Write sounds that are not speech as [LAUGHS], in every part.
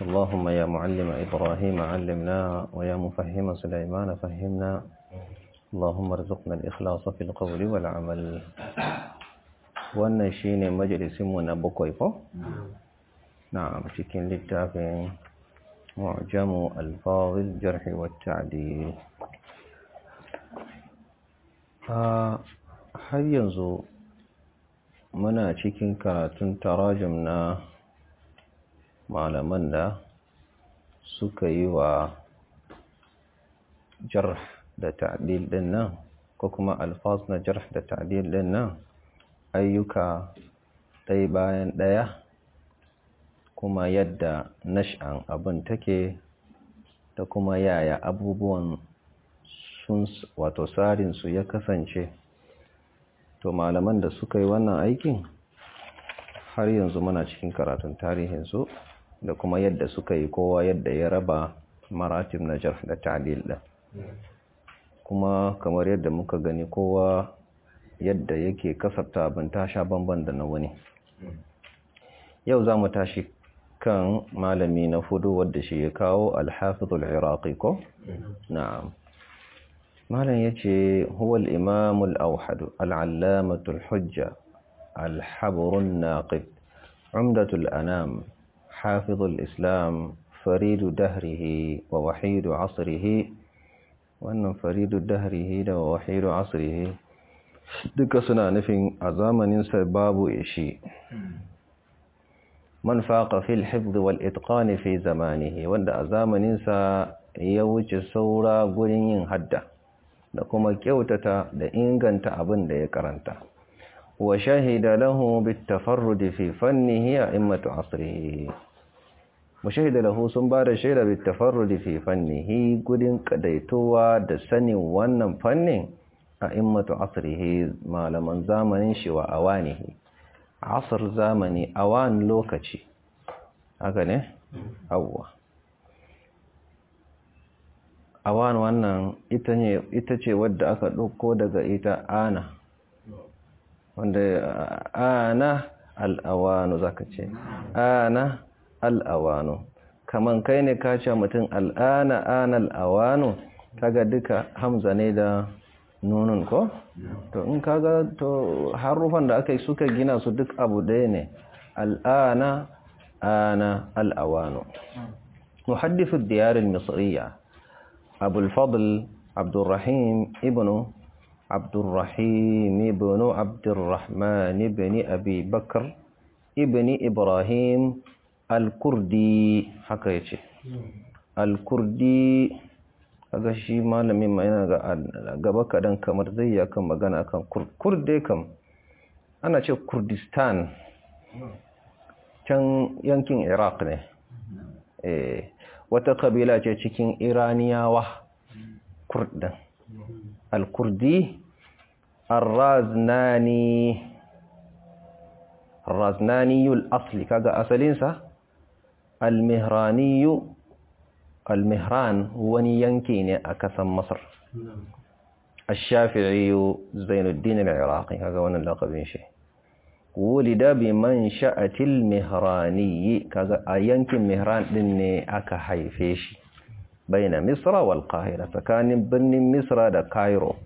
اللهم يا معلم إبراهيم علمنا ويا مفهم سليمان فهمنا اللهم ارزقنا الإخلاص في القول والعمل ونشين مجلس منا بكويفو نعم شكين للتافين معجم ألفاظ الجرح والتعديل آه، هل ينزو منا شكين كراتن تراجمنا malaman da suka yi wa jarf da ta'dil din nan ko kuma alfaz na jarf da ta'dil din nan ayyuka ɗaya bayan ɗaya kuma yadda nash'an abin take da kuma yaya abubuwan sun wato tsarinsu ya kasance to malaman da suka yi wannan aikin har yanzu muna cikin karatun tarihinsu da kuma yadda suka yi kowa yadda ya raba maratib na da ta'dil ɗin kuma kamar yadda muka gani kowa yadda yake kasabta abin tasha bamban da na wani yau za mu tashi kan malami na fudu wadda shi ya kawo alhafizul iraqi ko na'am malam yace huwa al auhadu al'allamatul hujja al-habr umdatul anam حافظ الإسلام فريد دهره ووحيد عصره wannan faridu dahrihi da wahidu asrihi duka suna nufin a zamanin sa babu ishi man fil hifzi wal itqan fi zamanihi wanda a zamanin sa ya wuce saura gurin yin hadda da kuma kyautata da inganta abin da ya karanta wa shahida lahu bit tafarrud fi fannihi immatu asrihi mushahid lahu sun ba da shaida bi tafarrudi fi fannihi gudun kadaitowa da sanin wannan fannin a immatu asrihi malaman zamanin shi wa awanihi asr zamani awan lokaci haka ne awwa awan wannan ita ce wadda aka ɗauko daga ita ana wanda ana al'awanu zaka ce ana al'awano kaman kai ne ka mutum al'ana anal awano kaga duka hamza ne da nunun ko to in kaga to harufan da aka yi suka gina su duk abu ɗaya ne al'ana ana al'awano muhaddisu diyarin misriya abulfadl abdurrahim ibnu abdurrahim ibnu abdurrahman ibni abi bakar ibni ibrahim alkurdi haka yace ce, kurdi haka shi malamin ma yana gaba kadan kamar zai ya kan magana kan kurde kam ana ce kurdistan can yankin iraq ne eh, wata kabila ce cikin iraniyawa kurdin alkurdi arraznani ar asli kaga asalinsa almihraniyu almihran wani yanki ne a kasan masar ashafi'iyu zainuddin al-iraqi kaga wannan lakabin shi wulida bi man sha'atil mihraniyi kaga a yankin mihran din ne aka haife shi baina misra wal qahira tsakanin birnin misra da cairo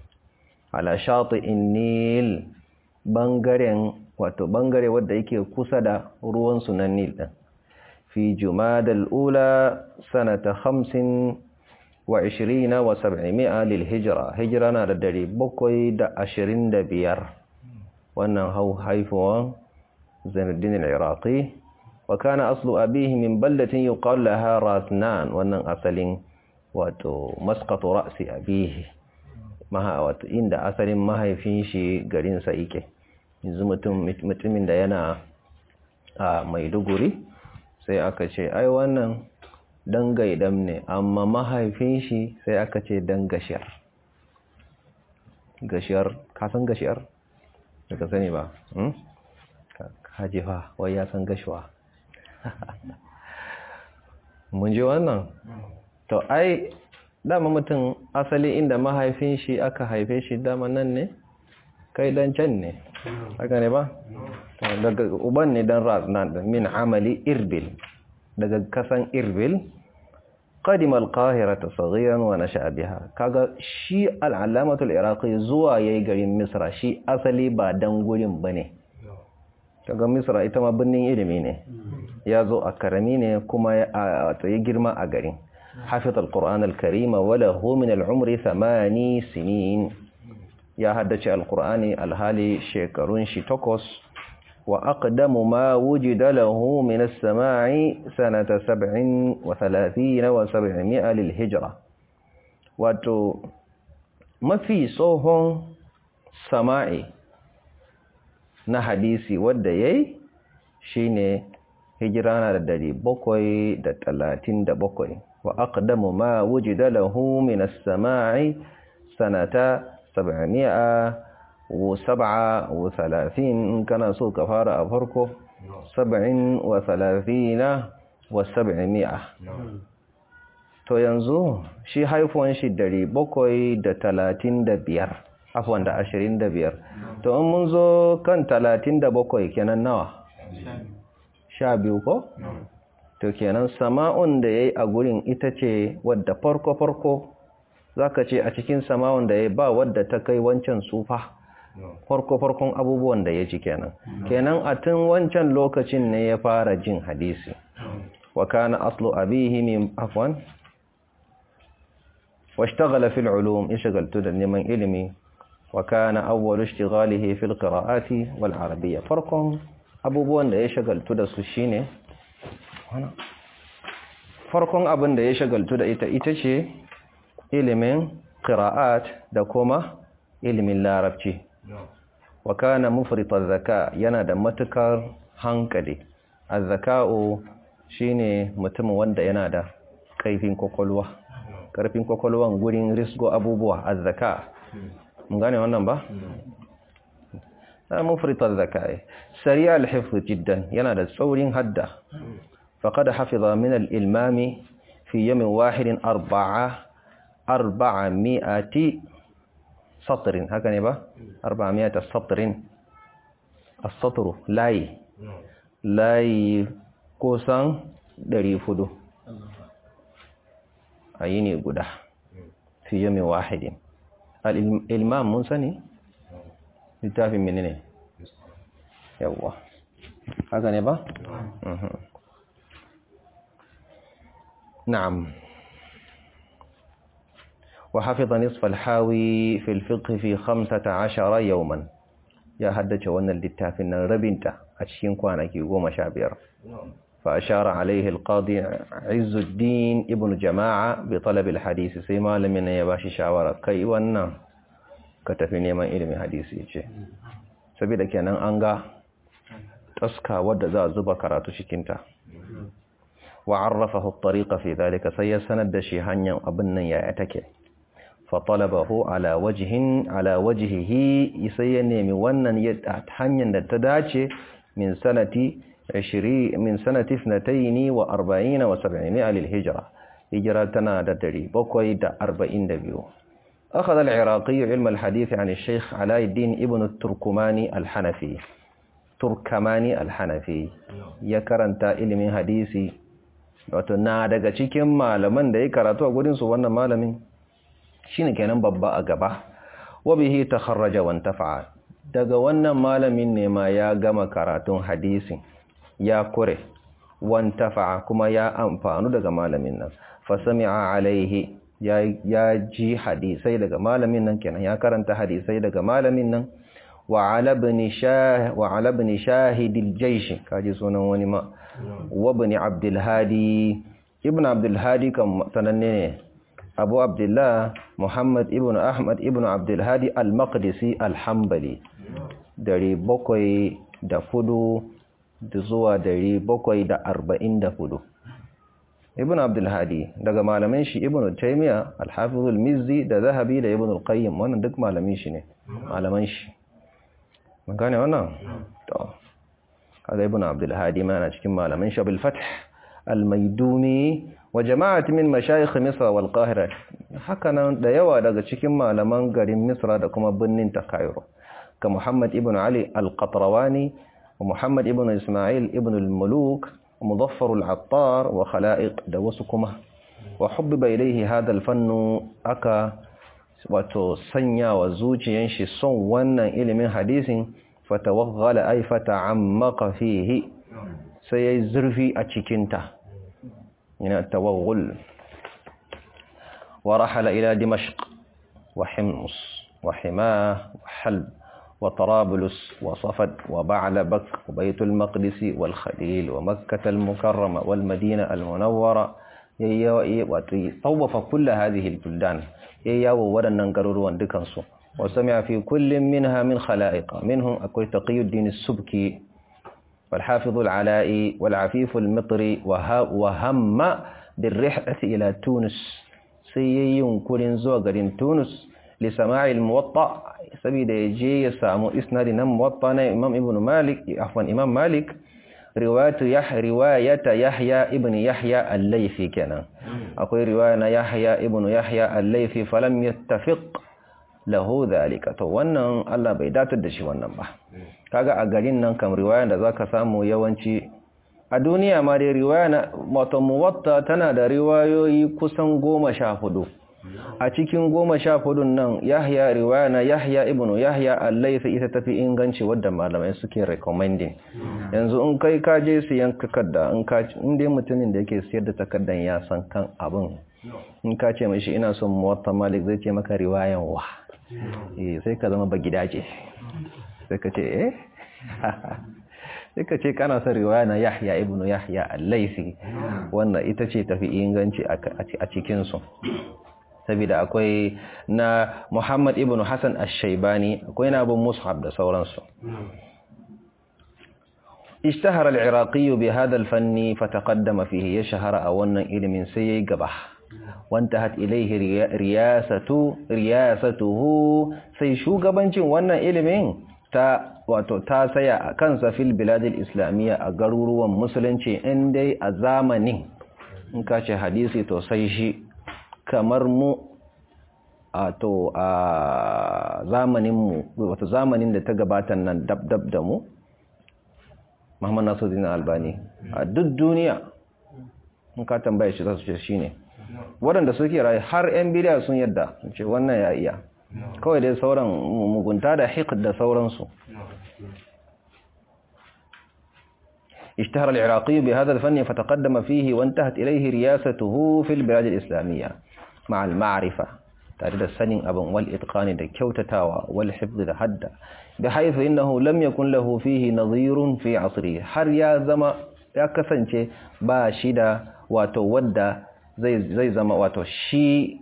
ala shati'in nil bangaren wato bangare wanda yake kusa da ruwan sunan nil din في جماد الأولى سنة خمس وعشرين وسبعمائة للهجرة هجرنا لدري بقوي دا عشرين دا بيار وأنه هو حيفو زين الدين العراقي وكان أصل أبيه من بلدة يقال لها راسنان وأنه أصل مسقط رأس أبيه inda asalin mahaifin shi garinsa yake yanzu mutumin da yana a maiduguri sai aka ce ai wannan dan gaidam ne amma mahaifin shi sai aka ce dan gashiyar gashiyar ka san gashiyar daga sani ba hajjifa hmm? wai ya san gashiwa? [LAUGHS] mun ji wannan to ai dama mutum asali inda mahaifin shi aka haife shi dama nan ne kai dan can ne haka ne ba daga uban ne dan raznan min amali irbil daga kasan irbil قدم القاهرة صغيرا ونشأ بها kaga shi al'alamatul iraqi zuwa yayi garin misra shi asali ba dan gurin bane kaga misra ita ma birnin ilimi ne ya zo a karami ne kuma ya girma a garin hafi al-qur'an al-karim wa 8 sinin ya haddace alkur'ani alhali shekarun shi takwas wa aqdamu ma wujida lahu min as-sama'i sanata 37 wa 700 lil hijra wato mafi tsohon sama'i na hadisi wadda yayi shine hijira na da bakwai da talatin da bakwai wa aqdamu ma wujida lahu min as-sama'i sanata sab'ami'a wa sab'a wa salatin kana so ka fara a farko sab'in wa salatina wa sab'ami'a to yanzu shi haifuwan shi dari bakwai da talatin da biyar afwan da ashirin da biyar to in mun zo kan talatin da bakwai kenan nawa sha biyu ko? to kenan sama'un da yayi a gurin ita ce wadda farko-farko za ka ce a cikin samawan da ya ba wadda ta kai wancan sufa farko-farkon abubuwan da ya ji kenan kenan a tun wancan lokacin ne ya fara jin hadisi wakana kana aslu abihi min afwan washtaghala fil ulum ishagaltu da neman ilimi wa kana awwal fil qira'ati wal arabiyya farkon abubuwan da ya shagaltu da su shine farkon abin da ya shagaltu da ita ita ce ilimin qira'at da kuma ilimin larabci wa kana mufrita zaka yana da matukar hankali azzaka'u shine mutum wanda yana da kaifin kokolwa karfin kokolwan gurin risgo abubuwa azzaka mun gane wannan ba mufrita zaka al-hifz jiddan yana da tsaurin hadda faqad hafiza min al-ilmami fi yawmin wahidin arba'a 400 سطر هكذا يبقى 400 سطر السطر لاي لاي كوسان دري فدو أيني قدا في يوم واحد الإمام موسى نتافي من هنا يوا هكذا يبقى نعم, نعم. وحفظ نصف الحاوي في الفقه في خمسة عشر يوما يا حدث وانا للتافن ربنت أتشين كوانكي وما شابير فأشار عليه القاضي عز الدين ابن جماعة بطلب الحديث سيما لمن يباشي شاورة كي وانا كتفيني من إلم حديثي سبيل كينا أنغا تسكى ودزا زبا كراتو شكينتا وعرفه الطريق في ذلك سيسند شيهانيا أبنا يأتكي فطلبه على وجه على وجهه يسيا نيمي ونن يتحنيا نتداتي من سنة عشري من سنة اثنتين واربعين وسبعين للهجرة هجرة تنادتري بوكوي دا اربعين دبيو أخذ العراقي علم الحديث عن الشيخ علاء الدين ابن التركماني الحنفي تركماني الحنفي يكرن تائل من حديثي وتنادك تشيكي مالا من دي كراتو أقول مالا من shine kenan babba a gaba wabihi takharraja wa intafa'a daga wannan malamin ne ma ya gama karatun hadisi? ya kure wa intafa'a kuma ya amfanu daga malamin nan fa sami'a alaihi ya ji hadisai daga malamin nan kenan ya karanta hadisai daga malamin nan wa ala ibn shahid al kaji sunan wani ma wa ibn abdul hadi ibn abdul hadi kan sananne ne abu abdullah muhammad ibn ahmad ibn abdulhadi al-maqdisi al-hambali dari bakwai da fudu da zuwa dari bakwai da arba'in da fudu ibn abdulhadi daga malamin shi ibn taimiyya al-hafiz al-mizzi da zahabi da ibn al-qayyim wannan duk malamin shi ne malaman shi mun gane wannan to kaga ibn abdulhadi ma yana cikin malamin shi bil fath al-maiduni wa jama'at min mashayikh misra wal qahira hakanan da yawa daga cikin malaman garin misra da kuma birnin ta cairo ka muhammad ibn ali al-qatrawani wa muhammad ibn isma'il ibn al-muluk mudaffar al-attar wa khala'iq da wasu kuma wa hubbiba ilayhi hadha al-fann aka wato sanya wa zuciyan shi son wannan ilimin hadisin fatawaghala ay fata'ammaqa fihi sai yayi zurfi a cikinta من التوغل ورحل إلى دمشق وحمص وحماه وحلب وطرابلس وصفد وبعلبك وبيت المقدس والخليل ومكة المكرمة والمدينة المنورة وطوف كل هذه البلدان وسمع في كل منها من خلائق منهم أكوي تقي الدين السبكي والحافظ العلاء والعفيف المطري وهم بالرحلة إلى تونس سيئين كلين زوغرين تونس لسماع الموطأ سبيد يجي يسامو إسناد نموطن إمام ابن مالك عفوا إمام مالك رواية رواية يحيى ابن يحيى الليفي كان أقول رواية يحيى ابن يحيى الليفي فلم يتفق lahu zalika to wannan Allah bai datar da shi wannan ba kaga a garin nan kam riwaya da zaka samu yawanci a duniya ma dai riwaya na wato muwatta tana da riwayoyi kusan goma a cikin goma sha nan yahya riwaya na yahya ibnu yahya allaifi ita tafi inganci wadda malamai suke recommending yanzu in kai ka je siyan takarda in ka in dai mutumin da yake siyar da takardan ya san kan abin in ka ce mishi ina son muwatta malik zai ce maka riwayan wa Eh, sai ka zama ba gidaje sai ka ce eh? [LAUGHS] sai ka ce kana son riwaya na yahya ibn yahya al-laisi wannan ita ce tafi inganci a cikinsu su saboda akwai na muhammad ibn hassan al-shaibani akwai na abin mushaf da sauransu اشتهر العراقي بهذا الفن فتقدم فيه يشهر أولا ilimin من سيئ قبح وانتهت إليه رياسته riyasatuhu sai shugabancin wannan ilimin wato ta saya a kansa fil biladil islamiyya a garuruwan musulunci in dai a zamanin in ka ce hadisi to sai shi kamar mu a to a zamanin mu wato zamanin da ta gabata nan dab dab da mu Muhammad Nasiruddin Albani a duk duniya in ka tambaye shi za su ce shine waɗanda suke raye har 'yan bidiyar sun yadda ce wannan ya iya kawai dai sauran mugunta da hik da sauransu اشتهر العراقي بهذا الفن فتقدم فيه وانتهت إليه رياسته في البلاد الإسلامية مع المعرفة تعدد السنين أبن والإتقان دا كوتتاوى والحفظ دا حد بحيث إنه لم يكن له فيه نظير في عصره حر يا زما يا كسنشي باشدا وتودى zai zama wato shi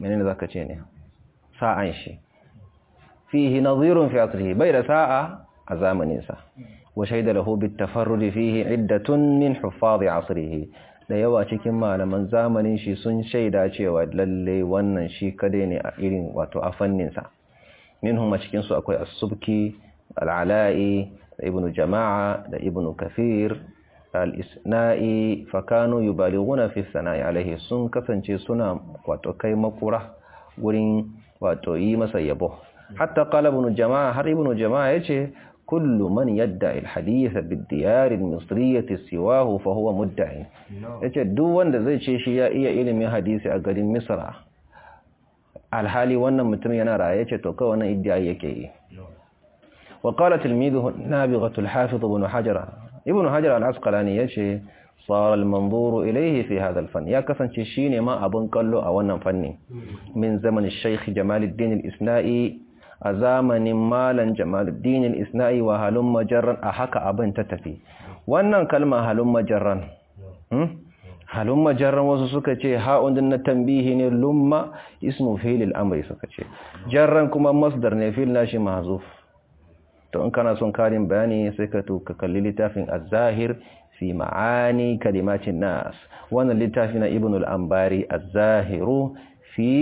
menene zaka ce ne sa'an shi fihi nadhirun fi asrihi bai da sa'a a zamanin sa wa shaida lahu bit tafarrud fihi iddatun min huffaz asrihi da yawa cikin malaman zamanin shi sun shaida cewa lalle wannan shi kade ne a irin wato a fannin sa minhum a cikin su akwai as-subki al-ala'i ibnu jama'a da ibnu kafir al-isna'i fakanu yubalighuna fi sana'i alaihi sun kasance suna wato kai makura wurin wato yi masa yabo hatta kala ibn jama'a har ibn jama'a yace kullu man yadda al-hadith bid-diyar siwahu fa huwa mudda'i yace duk wanda zai ce shi ya iya ilimin hadisi a garin misra alhali wannan mutum yana raye yace to kawai wannan iddia yake yi وقال تلميذه النابغة الحافظ بن حجر ibn hajar al-asqalani yace sara al-manzuru ilayhi fi hadha al-fann ya kasance shine ma abin kallo a wannan fanni min zaman al-shaykh jamaluddin al-isna'i a zamanin malan jamaluddin al-isna'i wa halum majran a haka abin ta tafi wannan kalma halum majran hmm? wasu suka ce ha'un din na tanbihi ne lumma ismu fi'l al suka ce jarran kuma masdar ne fi'l nashi mahzuf to in kana son karin bayani sai ka to ka kalli littafin az-zahir fi ma'ani kalimatin nas wannan littafi na ibn al-anbari az fi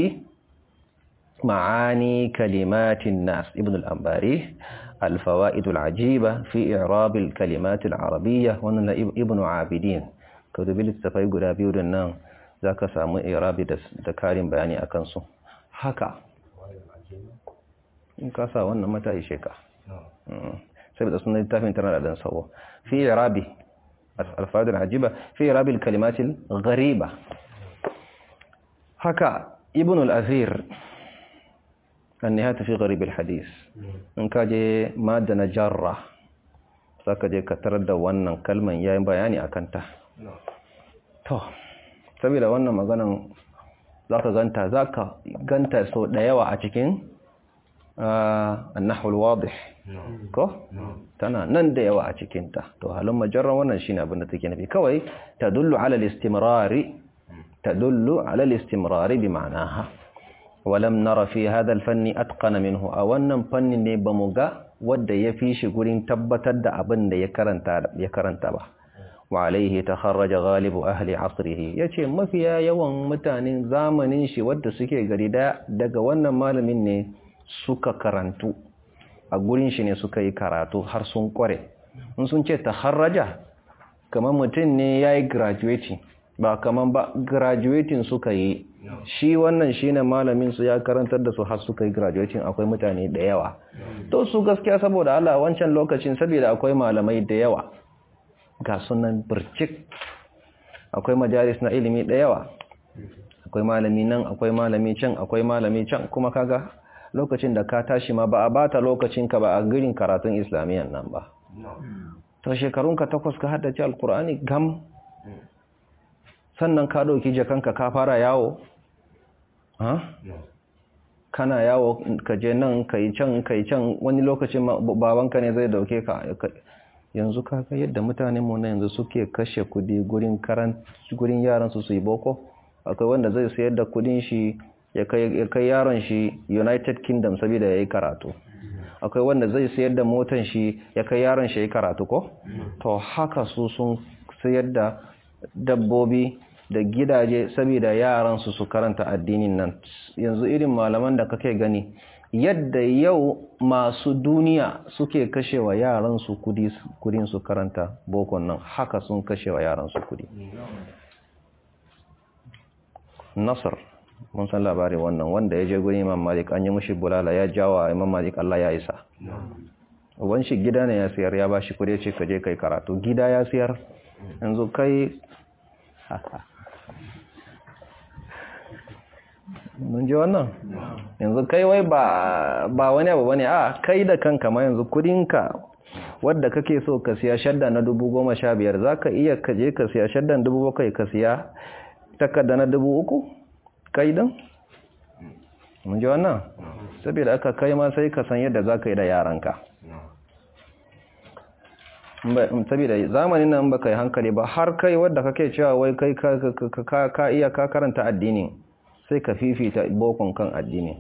ma'ani kalimatin nas ibn al-anbari al-fawaid al-ajiba fi i'rab al-kalimat al-arabiyya ibn abidin ka dubi littafai guda biyu din nan zaka samu i'rabi da karin bayani akan su haka in kasa wannan mata ishe ka سبب أصلاً التافه إنترنت عدنا سوا في عربي الفائدة العجيبة في عربي الكلمات الغريبة هكا ابن الأثير النهاية في غريب الحديث إن كاجي مادة نجارة ساكدي كتردد وانا كلمة يا إمبا يعني أكنتا تو سبيل وانا ما غنم ذاك غنتا ذاك غنتا سو نيوا عشكين annahul wadih ko tana nan da yawa a cikin ta to halin majarra wannan shine abin da take nufi kawai tadullu ala al-istimrari tadullu ala al bi ma'naha walam nara fi hadha fanni atqana minhu aw wannan fanni ne bamu ga wanda ya fi shi gurin tabbatar da abin da ya karanta ya karanta ba wa alaihi takharraja ghalibu ahli asrihi yace mafiya yawan mutanen zamanin shi wanda suke gari da daga wannan malamin ne suka karantu a gurin shi ne suka yi karatu har sun kware in sun ce ta harraja. kamar mutum ne ya yi graduating ba kamar ba graduating suka yi shi wannan shi ne malamin su ya karantar da su har suka yi graduating akwai mutane da yawa to su gaskiya saboda Allah wancan lokacin saboda akwai malamai da yawa ga sunan bircik akwai majalis na ilimi da yawa akwai malami nan akwai malami can akwai malami can kuma kaga lokacin da ka tashi ma ba a bata lokacin ka ba a girin karatun islamiyan nan ba to shekarunka takwas ka haddace alkur'ani gam sannan ka ɗauki jakanka ka fara yawo kana yawo ka je nan ka yi can ka can wani lokacin babanka ne zai dauke ka yanzu ka kaka yadda mutanen mu na yanzu suke kashe kudi gurin yaran su su yi boko akwai wanda zai sayar da kudin shi ya kai yaron shi united kingdom saboda ya yi karatu akwai wanda zai sayar da motan shi ya kai yaron shi ya yi karatu ko to haka su sun sayar da dabbobi da gidaje saboda yaran su su karanta addinin nan yanzu irin malaman da kake gani yadda yau masu duniya suke kashewa yaran su kudin su karanta bokon nan haka sun kashewa yaran su kudi nasar mun san labarin wannan wanda ya je gurin imam malik an yi mushi bulala ya jawa imam malik Allah ya isa uban shi gida ne ya siyar ya bashi kudi ce ka je kai karatu gida ya siyar yanzu kai [LAUGHS] mun ji wannan yanzu kai wai ba wani abu bane a kai da kanka ma yanzu kudinka wadda kake so ka siya shadda na dubu goma sha biyar za ka iya kaje ka siya shaddan dubu bakwai ka siya takarda na dubu uku kai din mun ji wannan saboda aka kai ma sai ka san yadda za ka yi da yaranka saboda zamanin nan ba yi hankali ba har kai wadda kake cewa wai kai ka iya ka karanta addini sai ka fifita bokon kan addini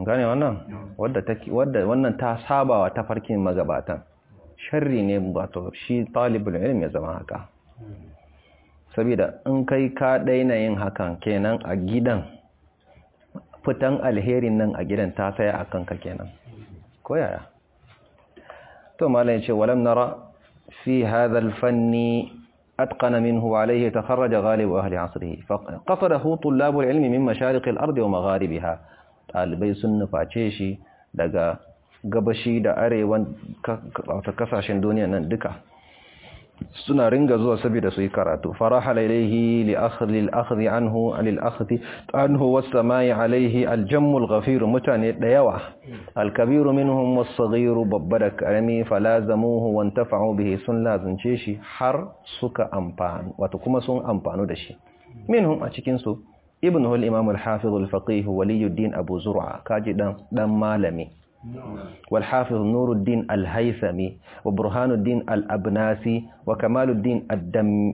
gane wannan wadda wannan ta sabawa ta farkin magabatan sharri ne ba to shi talibul ilmi ya zama haka saboda in kai ka daina yin hakan kenan a gidan fitan alherin nan a gidan ta tsaya a kanka kenan ko yaya to malai ce walam nara fi hadha alfanni atqana minhu alayhi takharraja ghalib ahli asrihi faqasadahu tullab alilmi min mashariq alard wa magharibiha talibai sun nuface shi daga gabashi da arewan kasashen duniya nan duka suna ringa zuwa saboda su yi karatu faraha ilaihi li akhdhi al-akhdhi anhu al-akhdhi anhu was-samai alaihi al-jammu al-ghafir mutane da yawa al-kabir minhum was-saghir babba da karami falazamuhu wantafa'u bihi sun lazunce shi har suka amfanu wato kuma sun amfanu da shi minhum a cikin su ibnu al-imam al-hafiz al-faqih waliyuddin abu zur'a kaji dan dan malami والحافظ نور الدين الهيثمي وبرهان الدين الأبناسي وكمال الدين الدم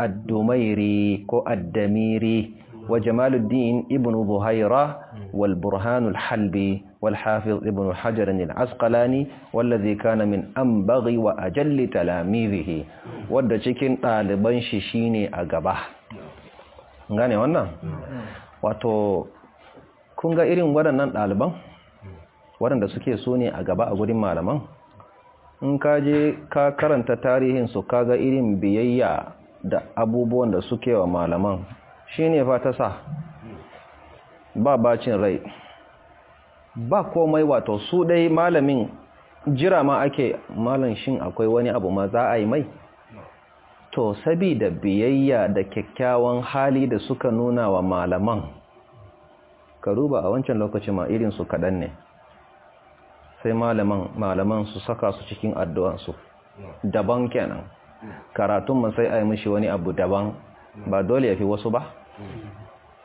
الدميري كو الدميري وجمال الدين ابن ظهيرة والبرهان الحلبي والحافظ ابن حجر العسقلاني والذي كان من أنبغي وأجل تلاميذه wadda cikin ɗaliban shi shine a gaba gane wannan wato kun ga irin waɗannan ɗaliban waɗanda suke so ne a gaba a gurin malaman in ka je ka karanta tarihin tarihinsu kaga irin biyayya da abubuwan da suke wa malaman shi ne fa ta sa ba bacin rai ba komai wato su dai malamin jira ma ake malam shin akwai wani abu ma za a yi mai to sabida biyayya da kyakkyawan hali da suka nuna wa malaman ka ruba a wancan lokacin ma irinsu kaɗan ne sai malaman su saka su cikin addu'ansu daban kenan karatun mu sai a yi mishi wani abu daban ba dole ya fi wasu ba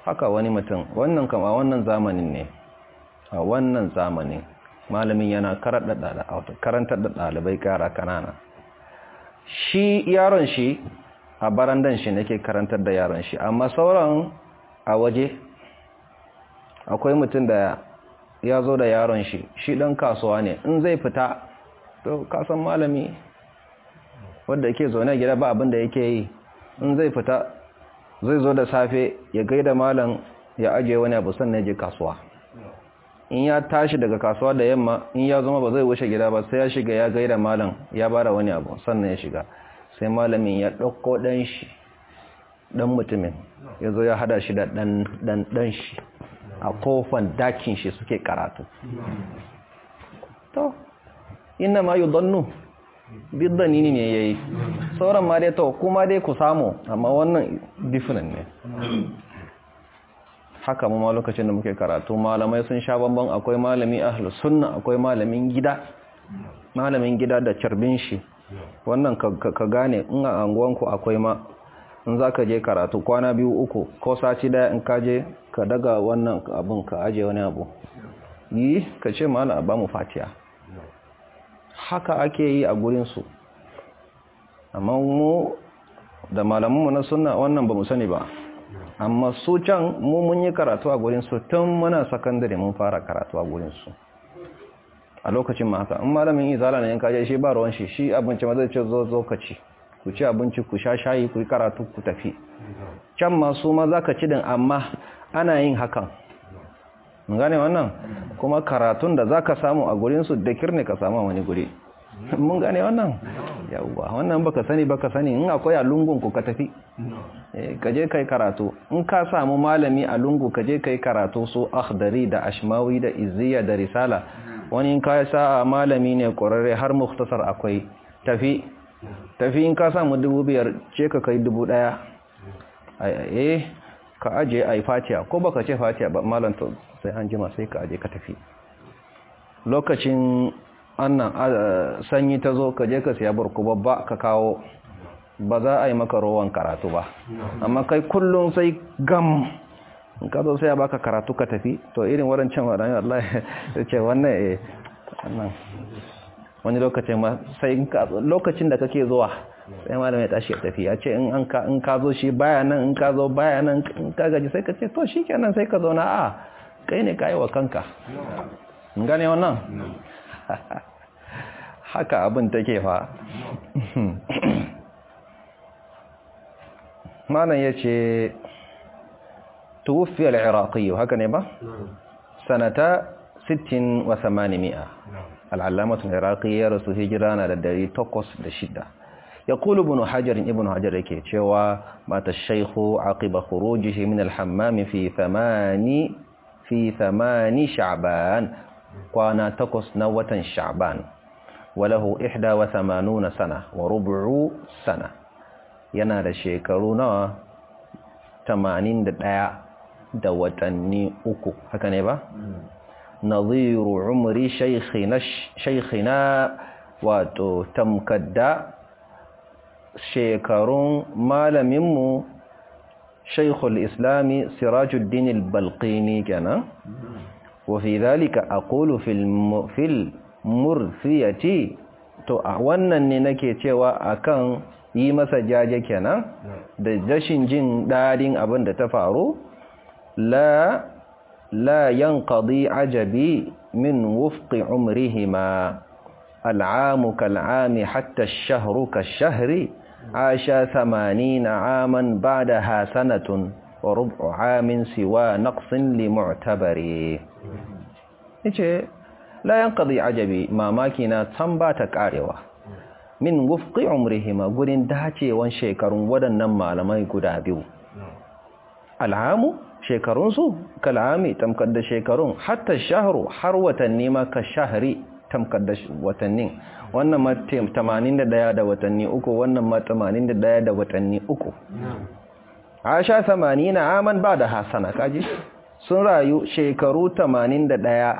haka wani mutum wannan kama wannan zamanin ne a wannan zamanin malamin yana karantar da ɗalibai kara kanana shi yaron shi a barandan shi nake karantar da yaron shi amma sauran a waje akwai mutum da ya zo da yaron shi shi ɗan kasuwa ne in zai fita to kasan malami wadda yake zaune gida ba abin da yake yi in zai fita zai zo da safe ya gaida malam ya ajiye wani abu sannan je kasuwa in ya tashi daga kasuwa da yamma in ya zama ba zai wuce gida ba sai ya shiga ya gaida malam ya bara wani abu sannan ya shiga sai malamin ya ɗauko ɗan shi ɗan mutumin ya zo ya hada shi da ɗan shi a kofan dakin shi suke karatu to inna ma yudannu nini ne ya yi. sauran ma dai to kuma dai ku samu amma wannan difinan ne haka mu ma lokacin da muke karatu malamai sun sha bamban akwai malami a sunna akwai malamin gida malamin gida da carbin shi wannan ka gane in a anguwanku akwai ma in ka je karatu kwana biyu uku ko sati daya in ka je ka daga wannan abin ka aje wani abu yi ka ce ma ba mu fatiya haka ake yi a gurinsu amma mu da malamunmu na suna wannan ba mu sani ba amma su can mu mun yi karatu a gurinsu tun muna sakandare mun fara karatu a gurinsu a lokacin mata in malamin yi zala na yanka je shi ba ruwan shi shi abinci ma zai ce zo zo ka ci ku ci abinci ku sha shayi ku yi karatu ku tafi can masu maza ma ka ci din amma ana yin hakan gane wannan kuma karatun da za ka samu a gurinsu da kirne ka samu wani guri [LAUGHS] mun gane wannan Ya'uwa wannan baka sani baka sani in akwai a lungun ku ka tafi eh, ka je kai karatu in ka samu malami a lungu ka je kai karatu su akhdari da ashmawi da izziya da risala wani in ka sa malami ne ƙwararre har muktasar akwai tafi tafi in ka samu dubu biyar ce ka kai dubu ɗaya eh ka aje a yi fatiya ko baka ce fatiya ba malanta sai an jima sai ka aje ka tafi lokacin annan sanyi ta zo ka je ka siya burku babba ka kawo ba za a yi maka rowan karatu ba amma kai kullum sai gam in ka zo sai ya baka karatu ka tafi to irin wurin can ɗanyar Allah ya [LAUGHS] ce eh, wannan wani lokacin ma sai lokacin da kake zuwa sai malam ya tashi ya tafi ya ce in ka zo shi baya nan in ka zo baya nan in ka gaji sai ka ce to shi kenan sai ka zauna a kai ne yi wa kanka in gane wannan [LAUGHS] haka abin take fa [LAUGHS] malam ya ce tuwufi al-iraqi haka ne ba sanata sittin wa 800 al-allamatu al ya rasu hijira na da 806 يقول ابن حجر ibn حجر yake cewa mata shaykhu aqiba khurujihi min al-hammam fi thamani sha'ban kwana takwas na watan sha'ban walahu wa na sana wa rub'u sana yana da shekaru nawa 81 da watanni uku haka ne ba nadhiru umri shaykhina shaykhina wato tamkadda shekarun malaminmu shaikhul islami sirajuddin al-balqini kenan wa fi dhalika aqulu fil fil murfiyati to a wannan ne nake cewa akan yi masa jaje kenan da dashin jin dadin abin da ta faru la la yanqadi ajabi min wufqi umrihima al'amu kal'ami hatta ash-shahru kash-shahri عاش na عاما بعدها سنة وربع عام سوى نقص mutabari ice la yanqadi ajabi mamaki na san ba karewa min wufqi umrihima gurin dacewan shekarun waɗannan malamai guda biyu al'amu shekarunsu kal'ami tamkar da shekarun hatta shahru har watanni ma ka shahri tamkar da watannin wannan ma 81 da watanni uku wannan ma 81 da watanni uku Aisha 80 aman ba da hasana kaji sun rayu shekaru 81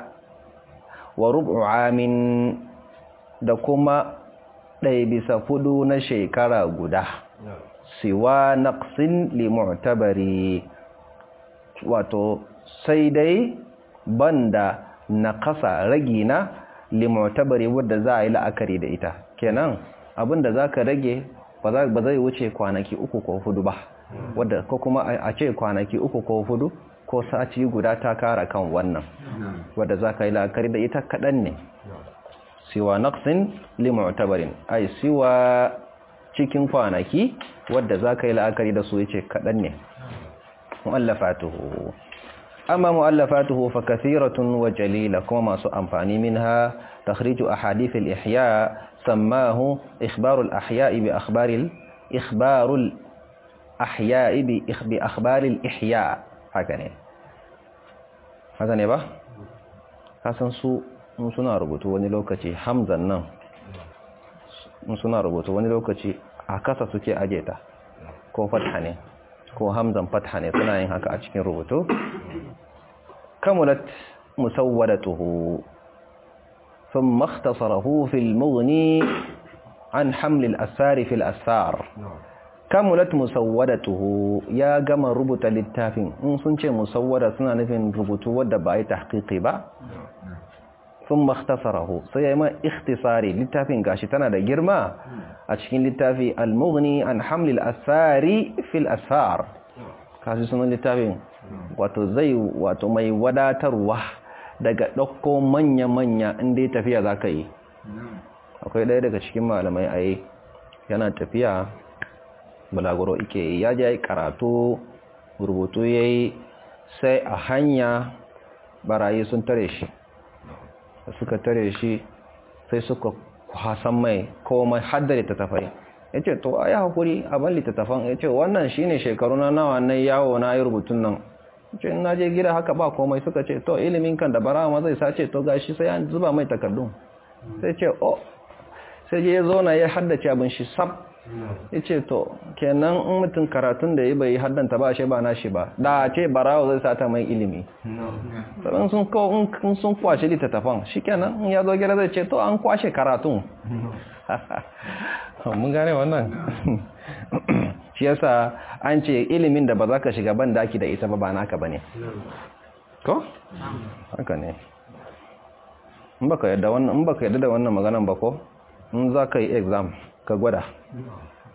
wa rubu amin da kuma ɗaya bisa fudu na shekara guda siwa naqsin limu'tabari wato sai dai banda na kasa ragina limotabari wadda za a yi la'akari da ita kenan abin abinda ka rage ba zai wuce kwanaki uku ko hudu ba wadda ko kuma a ce kwanaki uku ko hudu ko sati guda ta kara kan wannan wadda za ka yi la'akari da ita kadan ne siwa naqsin limu'tabarin ai siwa cikin kwanaki wadda za ka yi la'akari da su yace kaɗan ne mu'allafatuhu أما مؤلفاته فكثيرة وجليلة كما سأمفاني منها تخريج أحاديث الإحياء سماه إخبار الأحياء بأخبار الإخبار الأحياء بأخبار الإحياء هكذا هذا نبا حسن سو suna rubutu وني lokaci hamzan nan suna rubutu wani lokaci a kasa suke ajeta ko fatha ne ko hamzan fatha ne suna yin haka a cikin rubutu kamulat musawwadatuhu ثم اختصره في المغني an حمل asari في asar kamulat musawwadatuhu ya gama rubuta littafin in sun ce musawwada suna nufin rubutu wadda ba yi tahqiqi ba sun makhtasarahu sai ya yi ma ikhtisari littafin gashi tana da girma a cikin littafi al-mughni an hamlil asari fil asar kashi sunan littafin wato zai wato mai wadatarwa daga ɗauko manya-manya inda ya tafiya za ka yi akwai ɗaya daga cikin malamai a yi yana tafiya bulaguro ike ya ji karatu rubutu ya yi sai a hanya barayi sun tare shi da suka tare shi sai suka hasan mai komai haddare ta tafai ya ce to a yi haƙuri a ban littattafan ya ce wannan shi ne shekaru na nawa na yawo na yi rubutun nan ce in je gida haka ba komai suka ce to ilimin kan da barama ma zai sace to gashi sai an zuba mai takardun sai ce o oh. sai ya zo na ya haddace abin shi sab ya ce to kenan in mutum karatun da ya bai haddanta ba shi ba na shi ba da ce barawo zai sata mai ilimi sabon sun kawo in sun kwashe littattafan shi kenan in ya zo gira zai ce to an kwashe karatun [LAUGHS] mun gane wannan [CLEARS THROAT] shi yasa an ce ilimin da ba za ka shiga ban daki da ita ba ba naka ba ne ko? haka ne in baka yadda da wannan maganan ba ko in za ka yi exam ka gwada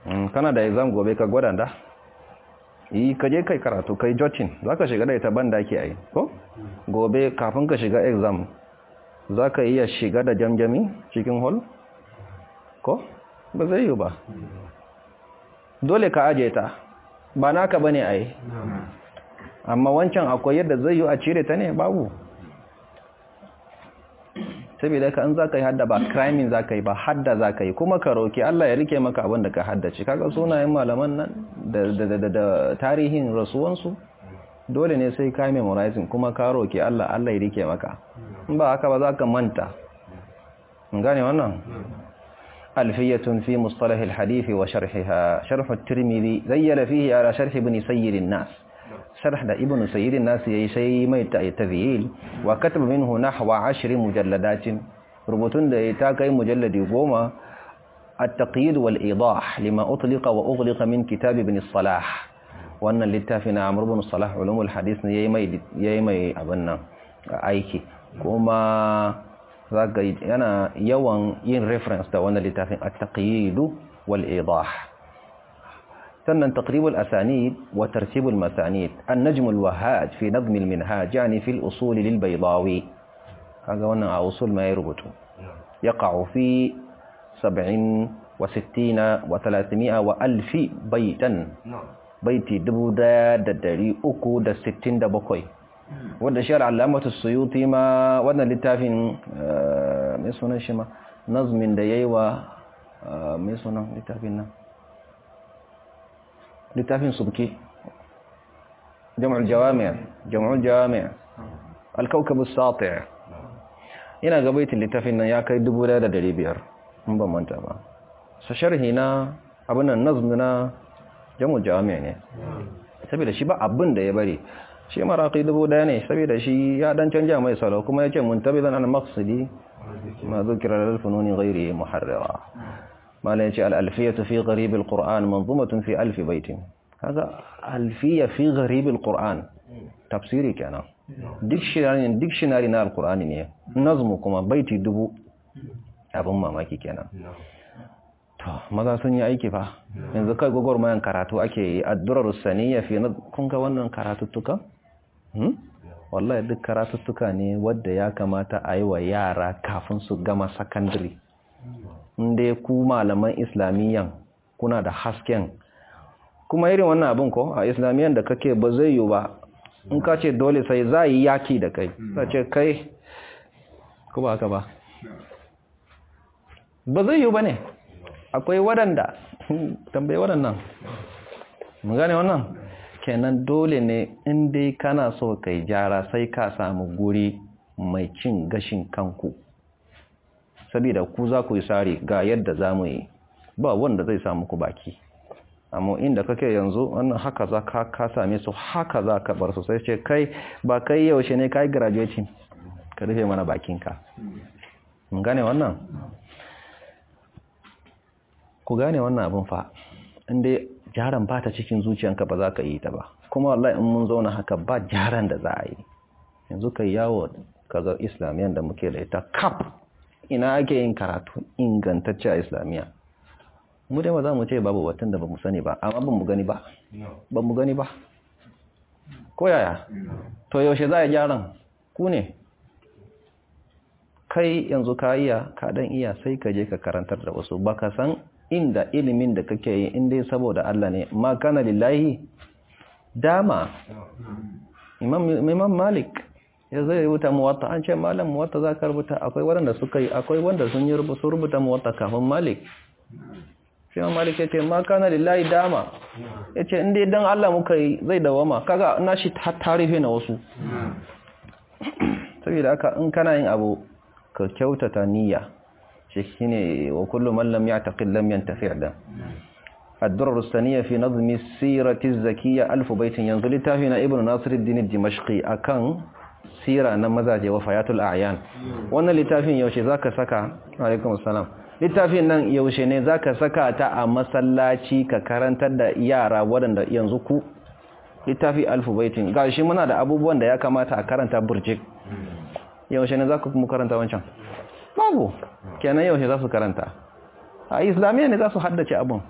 mm, kana da exam gobe ka gwada da yi ka je kai karatu kai jotin za ka shiga da ita ban da ke yi ko gobe kafin ka shiga exam za ka iya shiga da jamjami cikin hall ko ba zai yi ba dole ka aje ta ba naka ba ne a yi amma wancan akwai yadda zai yi a cire ta ne babu saboda ka an zaka yi hadda ba crime zaka yi ba hadda zaka yi kuma ka roki Allah ya rike maka abin da ka haddace kaga sunayen malaman nan da da tarihin rasuwansu dole ne sai ka memorizing kuma ka roki Allah Allah ya rike maka in ba haka ba zaka manta gane wannan alfiyatun fi mustalahil hadith wa sharhiha sharh at-tirmidhi zayyala fihi ala sharh ibn sayyid an-nas sharh da ibn sayyidin nasu yayi sai mai tazyil wa kataba minhu nahwa 10 mujalladatin rubutun da ya ta kai mujalladi goma at-taqyid wal idah lima utliqa wa ughliqa min kitabi ibn salah wannan littafin amr ibn salah ulumul hadith ne yayi mai yayi mai abin nan aiki kuma zaka yana yawan yin reference da wannan littafin at-taqyid wal idah sannan taqribul asanid wa tartibul masanid an-najmul wahhaj fi nadm al-minhaj yani fi al-usul lil-baydawi kaga wannan a usul mai rubutu yaqa'u fi 70 wa 60 wa 300 wa 1000 baitan baiti 1367 wanda shi al-allamatu suyuti ma wannan littafin eh, mai sunan shi ma nazmin da yayi wa eh, mai sunan littafin nan littafin subki jam'ul jawami' jam'ul jawami' al-kawkab as-sati' ina gabaitin littafin nan ya kai 1500 in ban manta ba sa sharhi na abin nan nazm na jam'ul jawami' ne saboda shi ba abin da ya bari shi maraqi 1000 ne saboda shi ya dan canja mai salo kuma yace muntabizan an maqsidi ma zukira lil fununi ghairi muharrara mala yace al-alfiyatu fi gharib al-qur'an manzumatun fi alfi baitin kaga alfiya fi gharib al-qur'an tafsiri kenan dictionary na al-qur'ani ne nazmu kuma baiti dubu abin mamaki kenan to maza sun yi aiki fa yanzu kai mayan karatu ake yi addurar sani saniya fi kun ga wannan karatuttuka hmm wallahi duk karatuttuka ne wadda ya kamata a yi wa yara kafin su gama sakandare inda ku malaman islamiyan kuna da hasken kuma irin wannan abin ko a islamiyan da kake ba zai yi ba in ka ce dole sai za yi yaki da kai hmm. za ce kai ku ba ka ba ba zai yi ba ne akwai waɗanda [LAUGHS] tambaye waɗannan mu gane wannan kenan dole ne in dai kana so kai jara sai ka samu guri mai cin gashin kanku saboda ku za ku yi sare ga yadda za mu yi ba wanda zai samu ku baki amma inda kake yanzu wannan haka za ka ka same su haka za ka bar su ce kai ba kai yaushe ne kai graduating ka rufe mana bakinka mun gane wannan ku gane wannan abin fa inda jaran ba ta cikin zuciyanka ba za ka yi ta ba kuma wallahi in mun zauna haka ba jaran da za a yi yanzu kai yawo kaga islamiyan da muke da ita kap ina ake yin karatu ingantacce a islamiyya mu dai ba za mu ce babu watan da ba mu sani ba amma ba mu gani ba ba mu gani ba ko yaya to yaushe za a gyaran ku ne kai yanzu ka iya ka dan iya sai ka je ka karantar da wasu Ba ka san inda ilimin da kake yi inda saboda Allah ne ma kana lillahi dama imam malik ya zai rubuta muwatta an ce malam muwatta za ka rubuta akwai waɗanda suka yi akwai wanda sun yi rubuta rubuta muwatta kafin malik shi ma malik ya ce ma kana lillahi dama ya ce inda idan Allah muka yi zai dawama kaga na shi tarihi na wasu [CLEARS THROAT] saboda haka in kana yin abu ka kyautata niyya shi shine wa kullu man lam ya'taqil lam yantafi' da الدرر الثانية في نظم السيرة الزكية ألف بيت ينزل تافينا ابن ناصر الدين الدمشقي أكان sira na mazaje wa fayatul a'yan wannan littafin yaushe zaka saka alaikum assalam littafin nan yaushe ne zaka saka ta a masallaci ka karantar da yara waɗanda yanzu ku littafi alfu baitin gashi muna da abubuwan da ya kamata a karanta burje. yaushe ne zaka mu karanta wancan babu kenan yaushe za su karanta a islamiyya ne za su haddace abun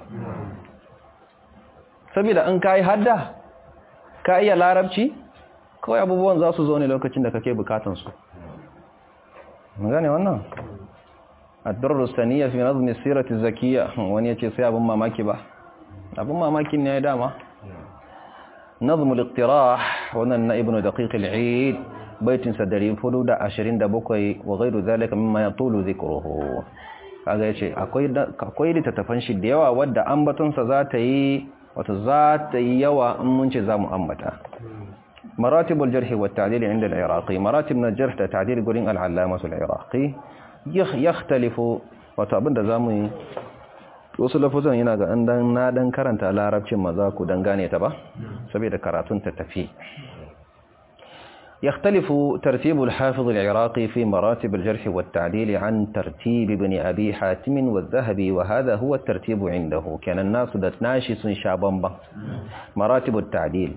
saboda in ka yi hadda ka iya larabci kawai abubuwan za su zo ne lokacin da kake bukatansu gane wannan addurar saniya fi nazmi sirati zakiya wani ya ce sai abin mamaki ba abin mamaki ne ya dama nazmu liqtirah wannan na ibnu daqiq al-eid baitin sa bakwai wa gairu zalika mimma yatulu dhikruhu kaga ya ce akwai littattafan shi da yawa wadda ambatonsa za ta yi wata za ta yi yawa in mun ce za mu ambata مراتب الجرح والتعديل عند العراقي مراتب من الجرح والتعديل قرين العلامة العراقي يخ يختلف وتابن دزامي وصل فوزان هنا عند نادن dan na عرب شيء larabcin maza ku dan gane ta ba يختلف ترتيب الحافظ العراقي في مراتب الجرح والتعديل عن ترتيب ابن أبي حاتم والذهبي وهذا هو الترتيب عنده كان الناس دتناشس شابا مراتب التعديل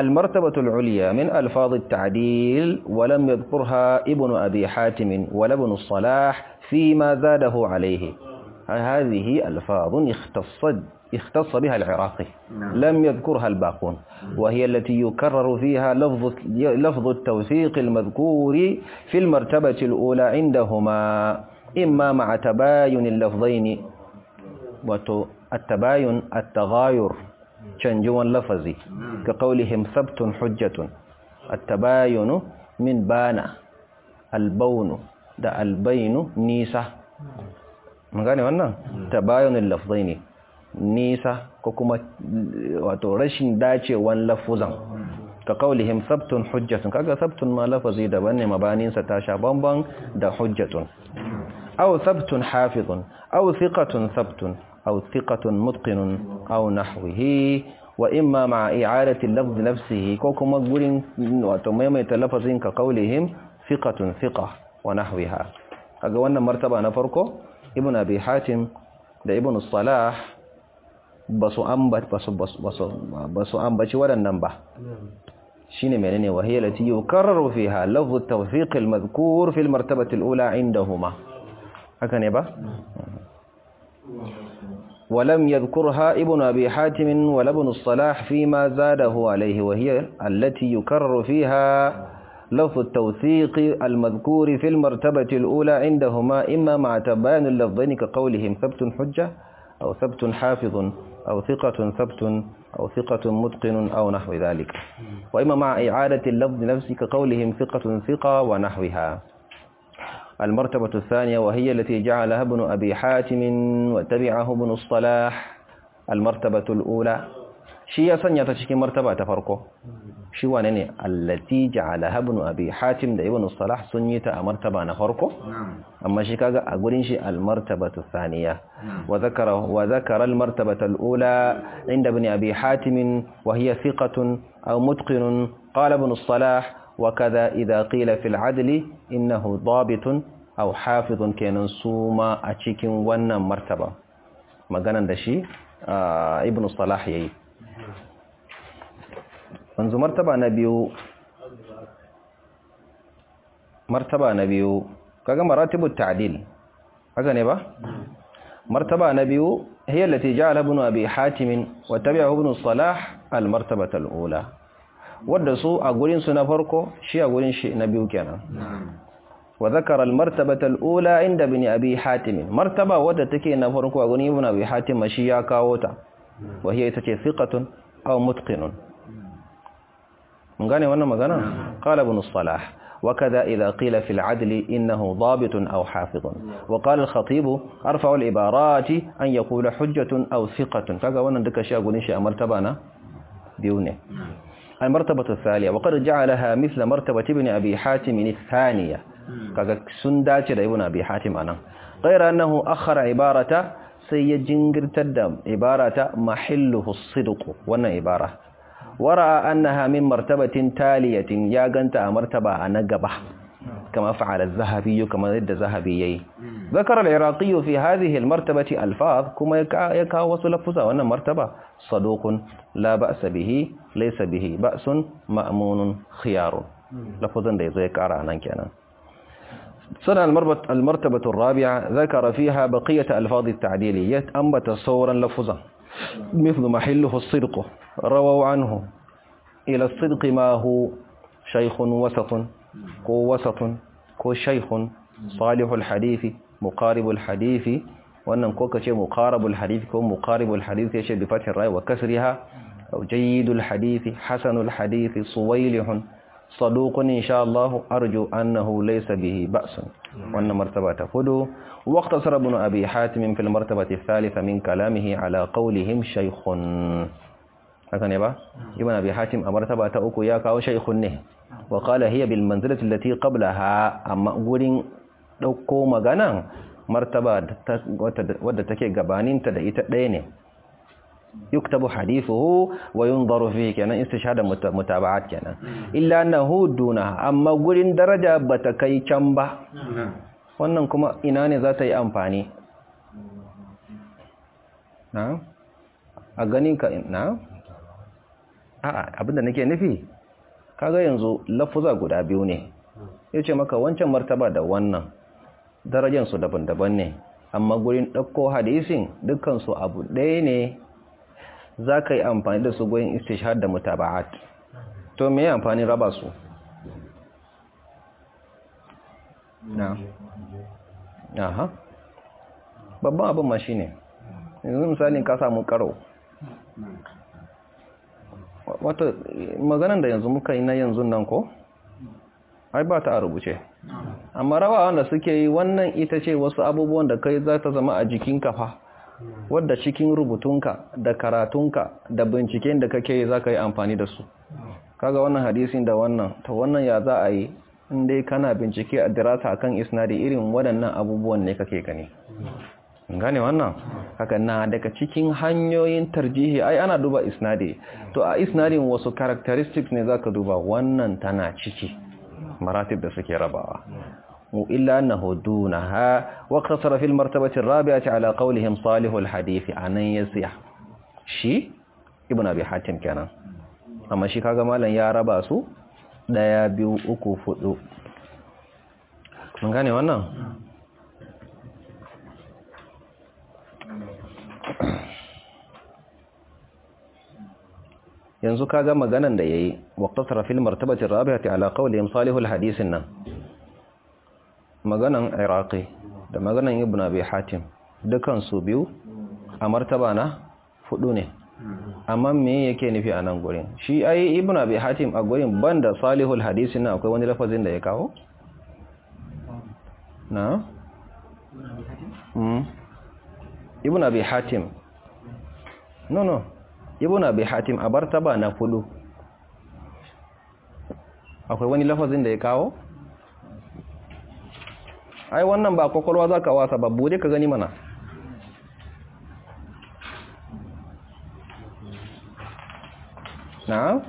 المرتبة العليا من ألفاظ التعديل ولم يذكرها ابن أبي حاتم ولا ابن الصلاح فيما زاده عليه هذه ألفاظ اختص, اختص بها العراقي نعم. لم يذكرها الباقون وهي التي يكرر فيها لفظ لفظ التوثيق المذكور في المرتبة الأولى عندهما إما مع تباين اللفظين التباين التغاير canji wani lafazi ka ƙaulihim sabtun hujjatun attabayonu min bana albaunu da albainu nisa gane wannan lafazai ne nisa ko kuma wato rashin dacewan lafuzan ka kaulihim sabtun hujjatun kaga sabtun ma lafazi daban ne mabaninsa ta sha bambam da hujjatun au sabtun hafizun au thiqatun sabtun أو ثقة متقن أو نحوه وإما مع إعادة اللفظ نفسه كوكو مقبول وتميم يتلفظين كقولهم ثقة ثقة ونحوها أقوانا مرتبة نفركو ابن أبي حاتم da ibn salah basu su ambaci wadannan ba shine menene wahiyar lati yi ƙararru fi halabu tawfiƙil mazkur fil martabatul ula inda huma haka ne ba ولم يذكرها ابن أبي حاتم ولا ابن الصلاح فيما زاده عليه وهي التي يكرر فيها لفظ التوثيق المذكور في المرتبة الأولى عندهما إما مع تبان اللفظين كقولهم ثبت حجة أو ثبت حافظ أو ثقة ثبت أو ثقة متقن أو نحو ذلك وإما مع إعادة اللفظ نفسه كقولهم ثقة ثقة ونحوها المرتبة الثانية وهي التي جعلها ابن أبي حاتم وتبعه ابن الصلاح المرتبة الأولى شيا صنية تشكي مرتبة تفرقه شو أنني التي جعلها ابن أبي حاتم دا ابن الصلاح صنية مرتبة نفرقه نعم. أما شيكا أقول إنشي المرتبة الثانية نعم. وذكر, وذكر المرتبة الأولى عند ابن أبي حاتم وهي ثقة أو متقن قال ابن الصلاح وكذا إذا قيل في العدل إنه ضابط أو حافظ كينن سوما أتشكين ونن مرتبة مغانا دشي آه ابن الصلاح يي منذ مرتبة نبيو مرتبة نبيو كذا مراتب التعديل هذا نبا مرتبة نبيو هي التي جعل ابن أبي حاتم وتبعه ابن الصلاح المرتبة الأولى wadda su a gurin su na farko shi a gurin shi na biyu kenan wa zakara almartabatal ula inda bin abi hatim martaba wadda take na farko a gurin ibn abi hatim shi ya kawo ta wa hiya tace thiqatun aw mutqinun wannan magana qala ibn salah wa kaza idha qila fil adl innahu dhabitun aw hafizun wa qala al khatib arfa al ibarat an yaqula hujjatun aw thiqatun kaga wannan duka shi a gurin shi a martaba na biyu ne ai martabatu thaniya wa qad ja'alaha mithla martabati ibn abi hatim thaniya kaga sun dace da ibn abi hatim anan ghayra annahu akhara ibarata sai ya jingirtar da ibarata mahilluhu sidq wannan ibara wara annaha min martabatin taliyatin ya ganta a martaba a na gaba كما فعل الذهبي كما يد الذهبي ذكر العراقي في هذه المرتبة ألفاظ كما يكا وصلفظا وأن مرتبة صدوق لا بأس به ليس به بأس مأمون خيار لفظا دي زي كارا نان كينا سنة المرتبة الرابعة ذكر فيها بقية ألفاظ التعديلية أنبت صورا لفظا مثل محله الصدق رووا عنه إلى الصدق ما هو شيخ وسط ko wasafin ko shaykhun salihul hadithi muqaribul hadithi wannan ko kace muqaribul hadithi ko muqaribul hadithi yace bi fathir rai wa kasriha aw jayyidul hadithi hasanul hadithi suwailihun saduqun insha Allah arju annahu laysa bihi ba'sun wannan martaba ta hudu waqtasar ibn abi hatim fi al-martabati ath-thalitha min kalamihi ala qawlihim shaykhun haka ne ba ibn abi hatim a martaba ta uku ya kawo shaykhun ne wa qala hiya bil manzilati kabla ha amma gurin dauko maganan martaba wadda take gabaninta da ita ɗaya ne Yuk tabu hadithuhu wa yin zarufi kenan da mutaba'at kenan illa na huduna amma gurin daraja bata kai can ba wannan kuma ina ne za ta yi amfani a ganin ka na abinda nake nufi kaga yanzu lafuza guda biyu ne ya ce maka wancan martaba da wannan darajansu daban-daban ne amma gurin ɗauko hadisin dukkansu abu ɗaya ne za ka yi amfani da su gurin istishar da mutaba'at to me amfani raba su na aha babban abin ma ne yanzu misalin ka samu karo wata maganan da yanzu muka yi na yanzu nan ko ai ba ta a rubuce amma rawa wanda suke yi wannan ita ce wasu abubuwan da kai za ta zama a jikin kafa wadda cikin rubutunka da karatunka da binciken da kake za ka yi amfani da su kaga wannan hadisin da wannan ta wannan ya za a yi inda kana bincike a dirata kan isnadi irin waɗannan abubuwan ne kake gani gane wannan hakan na daga cikin hanyoyin tarjihi ai ana duba isnadi to a isnadin wasu characteristics ne zaka duba wannan tana ciki maratib da suke rabawa illa annahu dunaha wa qasara fil martabati rabi'ati ala qawlihim salihul hadith anan yasih shi ibn abi hatim kenan amma shi kaga malam ya raba su daya biyu uku fudu mun gane wannan yanzu kaga maganan da yi waqtasara fil martabati rabihati ala qawli salihul hadisin nan maganan iraqi da maganan ibn abi hatim dukan su biyu a martaba na hudu ne amma me yake nufi a nan gurin shi yi ibn abi hatim a gurin banda salihul hadisin nan akwai wani lafazin da ya kawo na hmm. na bi hatim no no na bi hatim a martaba na hudu akwai wani lafazin da ya kawo ai wannan ba kwakwalwa za ka wasa babu dai ka gani mana na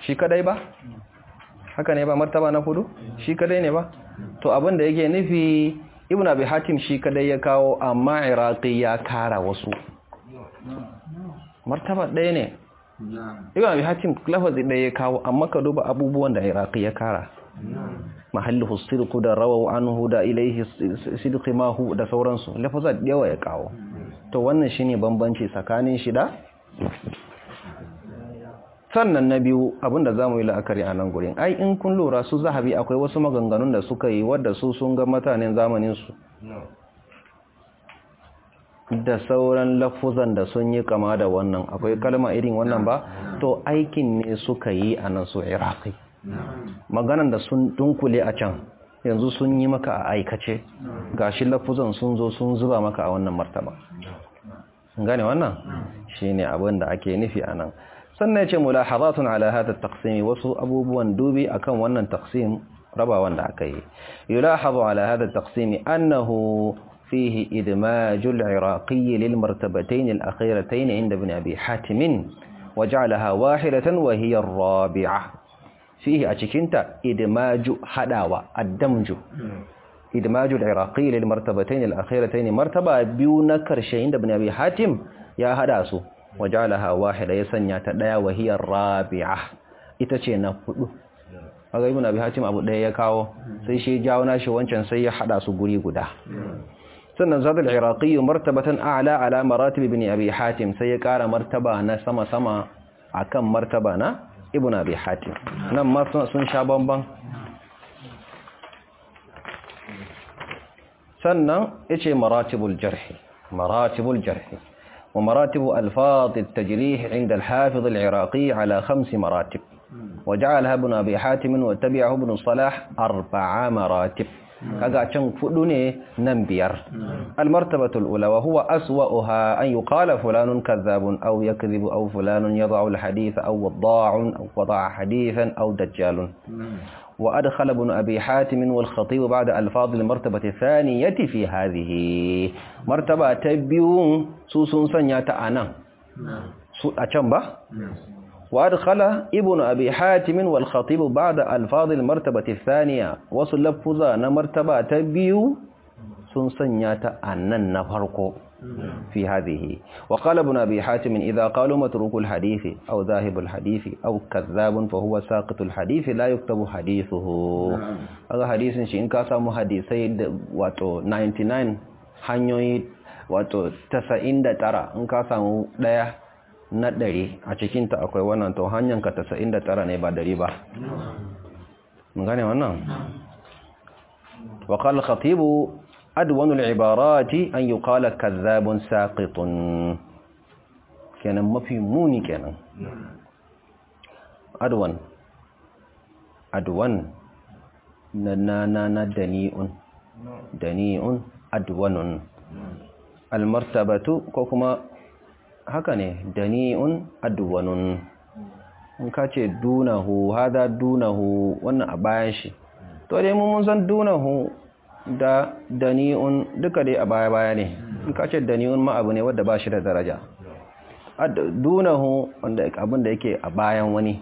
shi kadai ba haka ne ba martaba na hudu shi kadai ne ba to abin da yake nufi ibn abi hatim shi kadai ya kawo amma iraqi ya kara wasu martaba ɗaya ne ibn abi hatim lafazi ɗaya ya kawo amma ka duba abubuwan da iraqi ya kara mahallu sirku da rawahu anhu da ilaihi sidqi mahu da sauransu lafazi yawa ya kawo to wannan shine bambanci tsakanin shi da sannan na biyu abinda za mu yi la'akari a nan gurin ai in kun lura su zahabi akwai wasu maganganun da suka yi wadda su sun ga mutanen zamaninsu da sauran lafuzan da sun yi kama da wannan akwai kalma irin wannan ba to aikin ne suka yi a nan su iraki maganan da sun dunkule a can yanzu sun yi maka a aikace gashi lafuzan sun zo sun zuba maka a wannan martaba gane wannan shine abin da ake nufi a nan sannan ya ce mulahazatun ala hada taqsimi wasu abubuwan dubi akan wannan taqsim raba wanda aka yi yulahazu ala hada taqsimi annahu fihi idmajul iraqi lil martabatayn al akhiratayn inda ibn abi hatim waj'alaha wahidatan wa hiya ar rabi'ah fihi a cikinta idmaju hadawa addamju idmajul iraqi lil martabatayn al akhiratayn martaba biyu na karshe inda ibn abi hatim ya hada su wajalaha wahida ya sanya ta daya wahiyar rabi'ah ita ce na hudu kaga ibnu abi hatim abu daya ya kawo sai shi jawo nashi wancan sai ya hada su guri guda sannan zada al-iraqi martabatan a'la ala maratib ibn abi hatim sai ya kara martaba na sama sama akan martaba na ibn abi hatim nan ma sun sha bamban sannan yace maratibul jarh maratibul jarh ومراتب ألفاظ التجريح عند الحافظ العراقي على خمس مراتب وجعلها ابن أبي حاتم وتبعه ابن الصلاح أربع مراتب كذا فلني نمبير المرتبة الأولى وهو أسوأها أن يقال فلان كذاب أو يكذب أو فلان يضع الحديث أو وضاع أو وضع حديثا أو دجال وأدخل ابن أبي حاتم والخطيب بعد ألفاظ المرتبة الثانية في هذه مرتبة تبيون سوسن سنية أنا أتنبه وأدخل ابن أبي حاتم والخطيب بعد ألفاظ المرتبة الثانية وصل لفظان مرتبة تبيو سنسنية أنا نفرقه في هذه وقال ابن أبي حاتم إذا قالوا متروك الحديث أو ذاهب الحديث أو كذاب فهو ساقط الحديث لا يكتب حديثه هذا حديث شيء إن كاسم حديثي واتو 99 hanyoyi wato 99 in ka samu daya na ɗari a cikinta akwai wannan to hanyar ka 99 ne ba dari ba mun gane wannan وقال الخطيب adwanul ibarati an yuqala kadhabun saqitun kenan mafi muni kenan adwan adwan na na na na dani'un dani'un adwanun almartabatu ko kuma haka ne dani'un adwanun in ka ce dunahu hada dunahu wannan a bayan shi to dai mun san dunahu da dani'un duka dai a baya-baya ne in ka ce dani'un ma abu ne wadda ba shi da daraja dunahu wanda abin da yake a bayan wani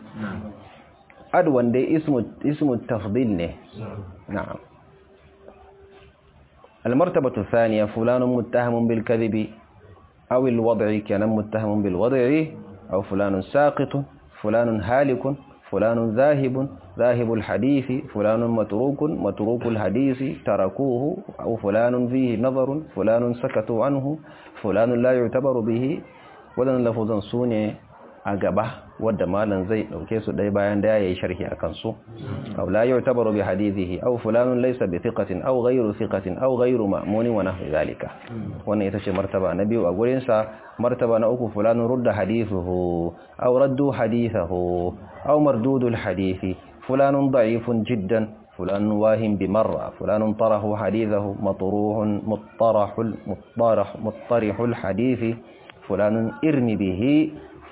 ad wanda ismu ismu tafdil ne na'am thaniya fulanun muttahamun bil kadhibi aw al wad'i kana muttahamun bil wad'i aw fulanun ساقط fulanun halikun fulanun zahibun ذاهب الحديث فلان متروك متروك الحديث تركوه أو فلان فيه نظر فلان سكتوا عنه فلان لا يعتبر به ودن لفظا سوني أقبه ودمالا زي كيسو داي بايان داي يشرح أكنسو أو لا يعتبر بحديثه أو فلان ليس بثقة أو غير ثقة أو غير مأمون ونحو ذلك وانا يتشي مرتبة نبي وأقول إنسا مرتبة نوك فلان رد حديثه أو رد حديثه أو مردود الحديث فلان ضعيف جدا فلان واهم بمرة فلان طرح حديثه مطروح مطرح مطرح مطرح الحديث فلان ارم به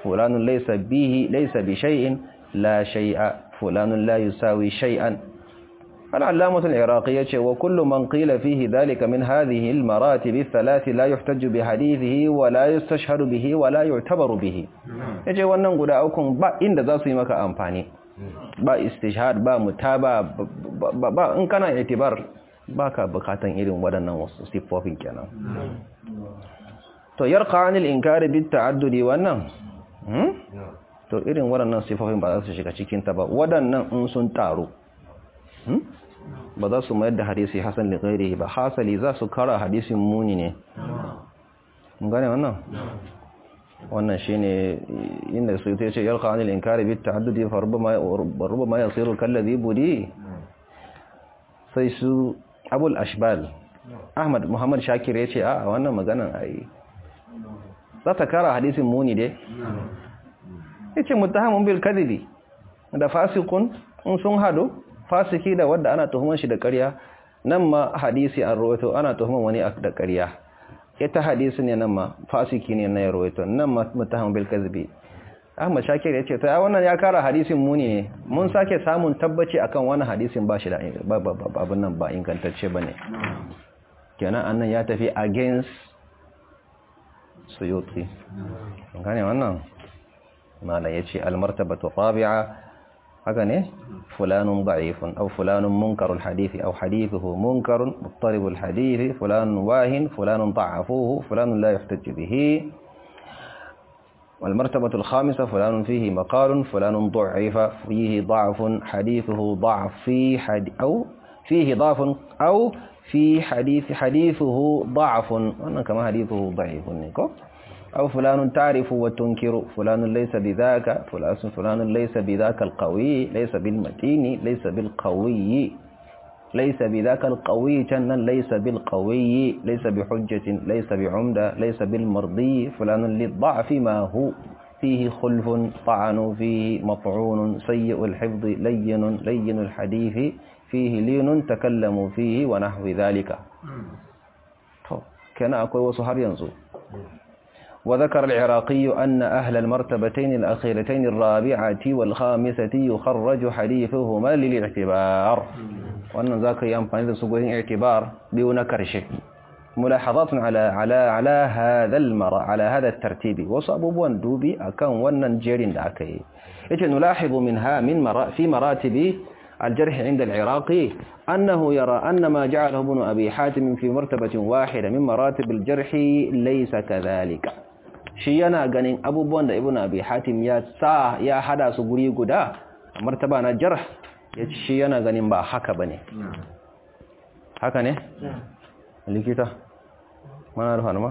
فلان ليس به ليس بشيء لا شيء فلان لا يساوي شيئا العلامة العراقية وكل من قيل فيه ذلك من هذه المراتب الثلاث لا يحتج بحديثه ولا يستشهر به ولا يعتبر به نعم. يجي وننقل أوكم بإن ذا inda za ba istishhad ba mutaba ba in kana itibar ba ka bukatan irin waɗannan wasu siffofin kenan to yar yarqa in kare bitta addudi wannan hmm? to irin waɗannan siffofin ba za su shiga cikin ta ba waɗannan in sun taru hmm? ba za su mayar da hadisi hasan da ba hasali za su kara hadisin muni ne gane wannan wannan shine inda su ta ce yalqa anil inkari bit ta'addudi fa rubama rubama yasiru kalladhi budi sai su abul ashbal ahmad muhammad shakir ya ce a wannan maganan ai za ta kara hadisin muni dai yace muttahamun bil kadhibi da fasikun in sun hado fasiki da wadda ana tuhumar shi da ƙarya nan ma hadisi an rawaito ana tuhumar wani da ƙarya ita hadisi ne nan ma fasiki ne na ya rawaito nan ma mutahan bil kazbi Ahmad Shakir yace to wannan ya kara hadisin muni ne mun sake samun tabbaci akan wannan hadisin ba shi da abun nan ba ingantacce bane kenan annan ya tafi against suyuti gane wannan mala yace al martabatu tabi'a هكذا إيه فلان ضعيف أو فلان منكر الحديث أو حديثه منكر مضطرب الحديث فلان واهن فلان ضعفوه فلان لا يحتج به والمرتبة الخامسة فلان فيه مقال فلان ضعف فيه ضعف حديثه ضعف في حد أو فيه ضعف أو في حديث حديثه ضعف وأنا كما حديثه ضعيف نيكو أو فلان تعرف وتنكر فلان ليس بذاك فلان فلان ليس بذاك القوي ليس بالمتين ليس بالقوي ليس بذاك القوي جنا ليس بالقوي ليس بحجة ليس بعمدة ليس بالمرضي فلان للضعف ما هو فيه خلف طعن فيه مطعون سيء الحفظ لين لين الحديث فيه لين تكلم فيه ونحو ذلك كان أقوى صحر ينزو وذكر العراقي أن أهل المرتبتين الأخيرتين الرابعة والخامسة يخرج حديثهما للاعتبار وأن ذاك ينفعل سبوهين اعتبار دون كرشه ملاحظات على على على هذا المر على هذا الترتيب وصابوبون بوندوبي أكان ونن داكي إذن نلاحظ منها من مرا في مراتب الجرح عند العراقي أنه يرى أن ما جعله ابن أبي حاتم في مرتبة واحدة من مراتب الجرح ليس كذلك shi yana ganin abubuwan da ibn abi hatim ya sa ya hada su guri guda a martaba na jar ya ci shi yana ganin ba haka ba ne haka ne likita mana da hanuma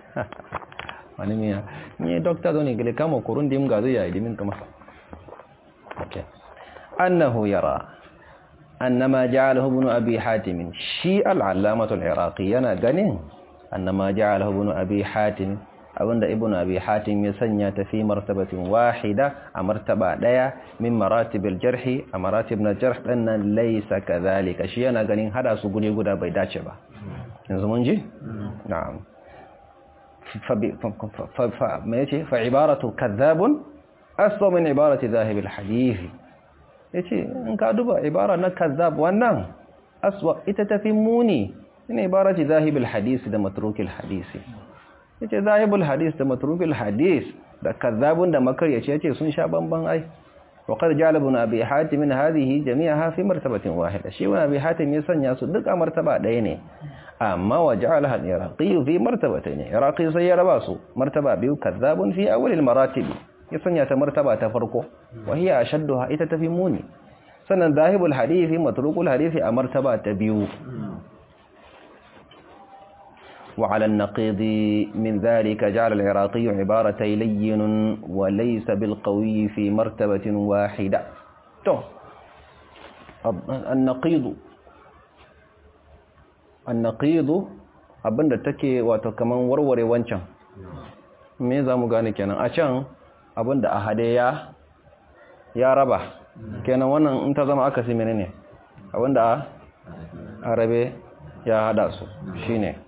[LAUGHS] wani miya ni dokta zo ne gile kama kurun dim ga zai ya idimin kuma annahu yara annama ja'alahu ibn abi hatim shi al-allamatu al-iraqi yana ganin annama ja'alahu ibn abi hatim abinda ibn abi hatim ya sanya ta fi martabatin wahida a martaba daya min maratibil jarhi a maratib na jarh dinnan laysa kadhalika shi yana ganin hada su guda bai dace ba yanzu mun ji na'am fa me fa ibaratu kadhabun aswa min ibarati zahib al hadith yace in ka duba ibara na kadhab wannan aswa ita tafi muni ina ibarati zahibul hadis da matrukul hadis yace zahibul hadis da matrukul hadis da kazzabun da makaryaci yace sun sha bamban ai wa qad ja'ala ibn abi hatim min hadhihi jami'aha fi martabatin wahida shi ibn abi hatim ya sanya su duk a martaba ɗaya ne amma wa ja'ala al-iraqi fi martabatayn iraqi sai ya raba su martaba biyu kazzabun fi awwal maratib ya sanya ta martaba ta farko wa hiya ashadduha ita tafi muni sannan zahibul hadisi matrukul hadisi a martaba ta biyu وعلى النقيض من ذلك جعل العراقي عبارتي لين وليس بالقوي في مرتبة واحدة النقيض النقيض abinda take wato kaman warware wancan me za mu gane kenan a can abinda a hade ya ya raba kenan wannan in ta zama aka si menene abinda a rabe ya hada su shine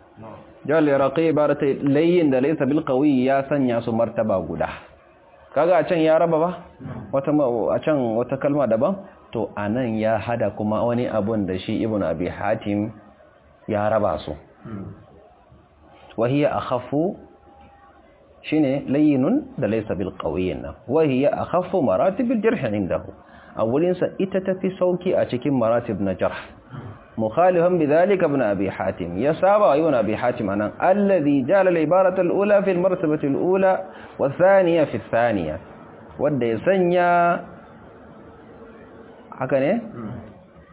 jawal iraqi ibarata layyin da laysa bil qawi ya sanya su martaba guda kaga a can ya raba ba wata a can wata kalma daban to anan ya hada kuma wani abun da shi Ibn abi hatim ya raba su wahiya akhafu shine layyinun da laysa bil qawiyyin wahiya akhafu maratib al jarh indahu awwalinsa ita tafi sauki a cikin maratib na jarh مخالفاً بذلك ابن أبي حاتم يصاب عيون أبي حاتم أنا الذي جعل العبارة الأولى في المرتبة الأولى والثانية في الثانية ودي سنيا حكني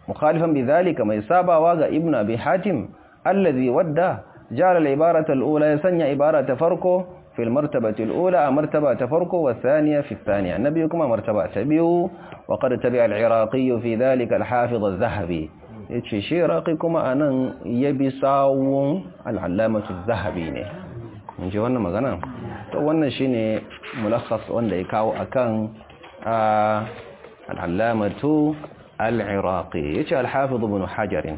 مخالفاً بذلك ما يصاب واغا ابن أبي حاتم الذي ودى جعل العبارة الأولى يسنيا عبارة فرقه في المرتبة الأولى آه، مرتبة فرقه والثانية في الثانية نبيكم مرتبة تبيه وقد تبع العراقي في ذلك الحافظ الذهبي ya ce shi raƙi kuma a nan ya bi sawun al'allamatul zahabi ne in ji wannan magana to wannan shi ne mulakas wanda ya kawo a kan al'allamatu al'iraƙi ya ce alhafi zubin hajjarin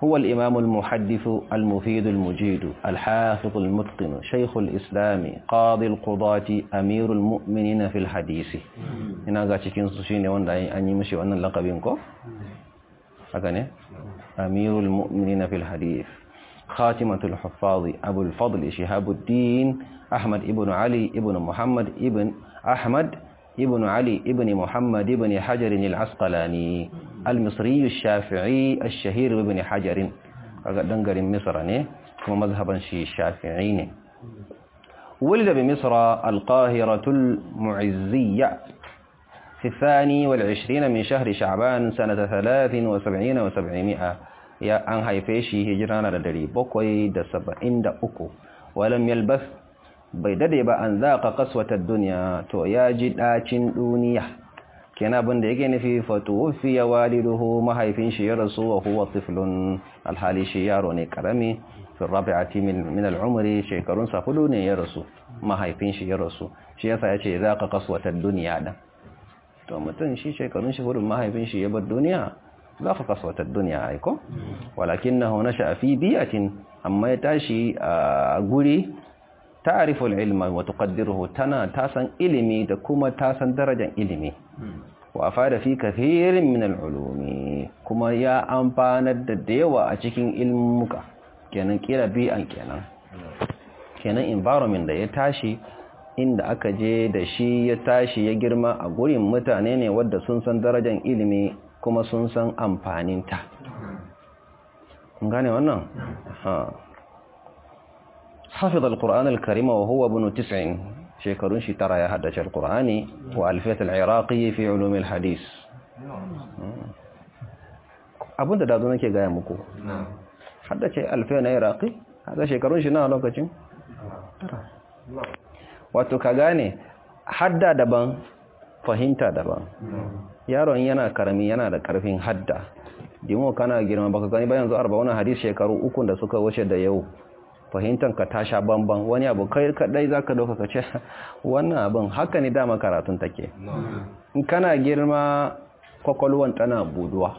هو الإمام المحدث المفيد المجيد الحافظ المتقن شيخ الإسلام قاضي القضاة أمير المؤمنين في الحديث هنا قاعد تكين سوشيني وانا أني مشي وانا لقبينكو أكني أمير المؤمنين في الحديث خاتمة الحفاظ أبو الفضل شهاب الدين أحمد ابن علي ابن محمد ابن أحمد ابن علي ابن محمد ابن حجر العسقلاني المصري الشافعي الشهير ابن حجر دنجر مصر كما مذهبا شي الشافعي ولد بمصر القاهرة المعزية في الثاني والعشرين من شهر شعبان سنة ثلاث وسبعين وسبعمائة يا أن هيفيشي هجرانا لدري بقوي دا سبعين دا أكو ولم يلبث بيددي بأن ذاق قسوة الدنيا تو ياجد آتين دونية كان ابن دا يجين في فتوفي والده ما هيفيشي يرسو وهو طفل الحالي شياروني كرمي في الرابعة من, من العمر شيكرون سفلوني يرسو ما هيفيشي يرسو شيسا يجي ذاق قسوة الدنيا دا to mutum shi shekarun shi hurin mahaifin shi ya bar duniya za ka kaswatar duniya aiko walakin na hona shi biyatin amma ya tashi a guri ta'ariful ilma wata tuqaddiruhu tana tasan ilimi da kuma tasan darajan ilimi wa da fi kafirin min al-ulumi kuma ya amfanar da yawa a cikin ilmuka kenan kira bi an kenan kenan environment da ya tashi inda aka je da shi ya tashi ya girma a gurin mutane ne wadda sun san darajar ilimi kuma sun san amfaninta gane wannan hafiz al-qur'an al-karima wa huwa ibn 90 shekarun shi tara ya haddace al-qur'ani wa alfiyat al-iraqi fi ulum al-hadith abinda da zo nake gaya muku haddace alfiyat al-iraqi hada shekarun shi na lokacin wato ka gane hadda daban fahimta daban yaron yana karami yana da karfin hadda dimo kana girma baka gani ba yanzu wani hadis shekaru uku da suka wuce da yau fahimtar ka tasha bamban wani abu kai kadai zaka dauka ka ce [LAUGHS] wannan abin haka ne dama karatun take in kana girma kwakwalwan tana buduwa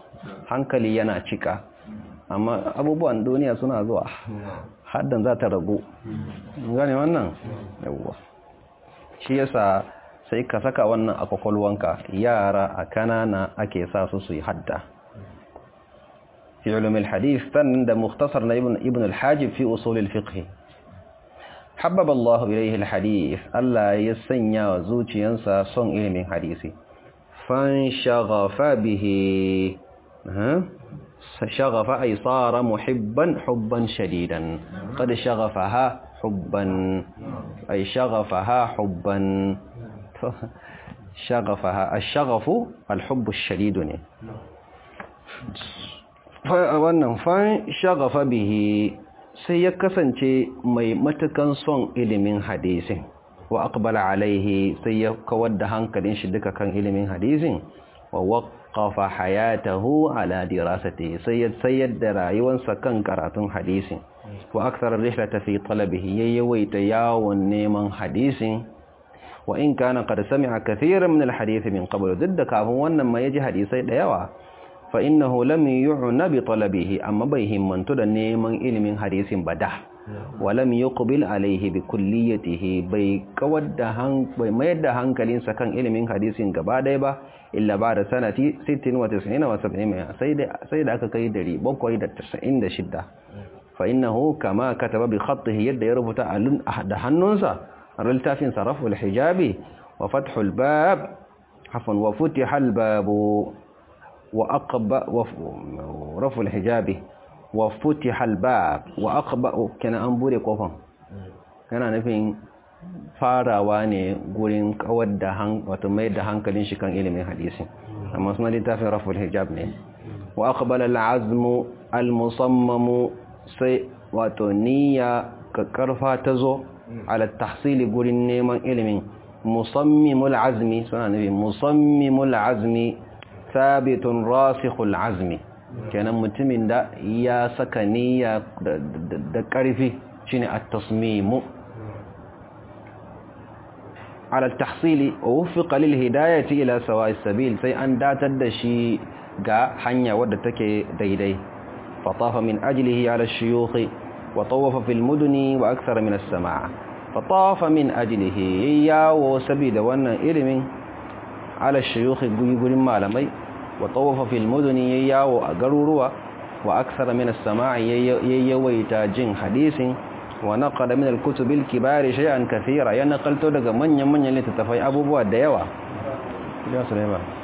hankali yana cika amma abubuwan duniya suna zuwa haddan za ta ragu gane wannan yawwa shi yasa sai ka saka wannan a kwakwalwanka yara a kanana ake sa su su yi hadda fi ulumin hadith sannan da muktasar na ibn al fi usulil fiqh habbaballahu Allah ilayhi Allah ya sanya wa zuciyansa son ilimin hadisi fan shaghafa bihi shaghafa ay sara muhibban hubban shadidan qad ha. حبا أي شغفها حبا شغفها الشغف الحب الشديد wannan fan shagafa bihi sai ya kasance mai matukan son ilimin hadisin wa aqbala alaihi sai ya kawar da hankalin shi duka kan ilimin hadisin wa waqafa hayatahu ala dirasati sai ya sayar da rayuwarsa kan karatun hadisin wa aksara rihlata fi talabihi yayyawaita yawon neman hadisin wa in kana qad sami'a kathiran min alhadith min qabl da kafin wannan ma yaji hadisai da yawa fa innahu lam yu'na bi talabihi amma bai himmantu da neman ilimin hadisin bada wa lam yuqbil alayhi bi kulliyatihi bai kawar da han bai mayar da hankalinsa kan ilimin hadisin gaba daya ba illa ba da sanati 96 wa 70 sai da sai da aka kai 796 فإنه كما كتب بخطه يد يربط حنونسا رلتافين صرف الحجاب وفتح الباب حفن وفتح الباب وأقب ورف الحجاب وفتح الباب وأقب كان أمبوري كوفان كان نفين farawa ne gurin kawar da wato mai da hankalin shi kan ilimin hadisi amma suna littafin raful hijab ne wa aqbala al-azmu al-musammamu sai wato niyya karfa ta zo mm. ala tahsili gurin neman ilimin musammimul azmi suna nabi musammimul azmi sabitun rasikhul azmi mm. kenan mutumin da ya saka niyya da karfi shine at-tasmimu على التحصيل ووفق للهداية إلى سواء ila سيئن sabil sai an datar da shi ga hanya wadda take daidai فطاف من أجله على الشيوخ وطوف في المدن وأكثر من السماع فطاف من أجله يا سبيد وان إلم على الشيوخ يقول ما مالمي وطوف في المدن يا أقرروا وأكثر من السماع يا جن حديث ونقل من الكتب الكبار شيئا كثيرا ينقلت لك من يمن أبو بوا الديوة يا سليمان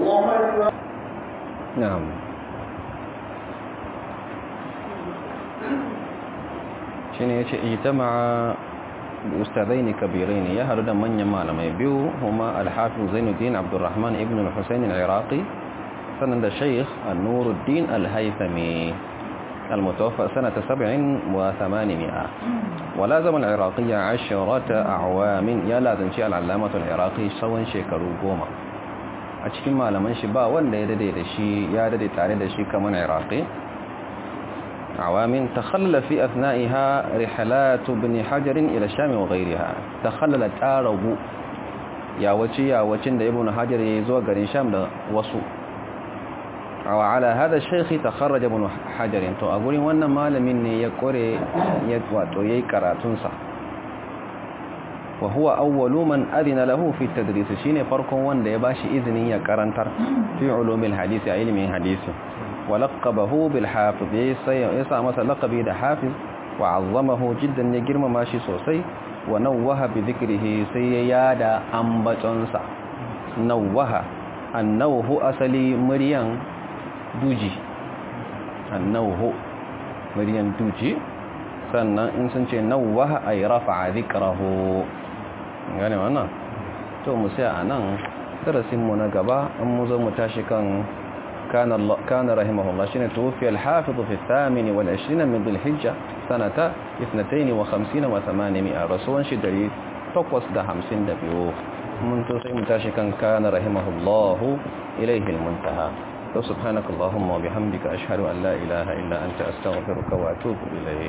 نعم شنو يجي اجتمع أستاذين كبيرين يا يهرد من يمال ما يبيو هما الحافظ زين الدين عبد الرحمن ابن الحسين العراقي سند الشيخ النور الدين الهيثمي المتوفى سنة سبع وثمانمائة ولازم العراقية عشرة أعوام يا لازم شيء العلامة العراقي سوى شيء كروكوما a cikin malaman shi ba wanda ya dade da shi ya dade tare da shi kamar iraqi awamin takhallafi athna'iha rihalat ibn hajar ila sham wa ghayriha takhallala ya wace ya wacin da ibn hajar ya zo garin sham da wasu a ala hada shaykh takharraja ibn hajar to a gurin wannan malamin ne ya kore ya wato yayi karatunsa wa huwa awwalu man adina lahu fi tadris shine farkon wanda ya bashi izinin ya karantar fi ulumil hadisi a ilimin hadisi wa laqabahu bil hafiz ya sa masa laqabi da hafiz wa azzamahu jiddan ya girmama shi sosai wa nawwaha bi dhikrihi sai ya yada ambatonsa nawwaha annawhu asali muryan duji annawhu duji sannan in sun ce nawwaha ay rafa'a dhikrahu gane wannan to mu sai a nan darasinmu na gaba in mu zo mu tashi kan كان رحمه الله شين توفي الحافظ في الثامن والعشرين من ذي الحجة سنة اثنتين وخمسين وثمانمائة رسولا شدري تقوص ده خمسين دبيو منتصي متاشكا كان رحمه الله إليه المنتهى سبحانك اللهم وبحمدك أشهد أن لا إله إلا أنت أستغفرك وأتوب إليك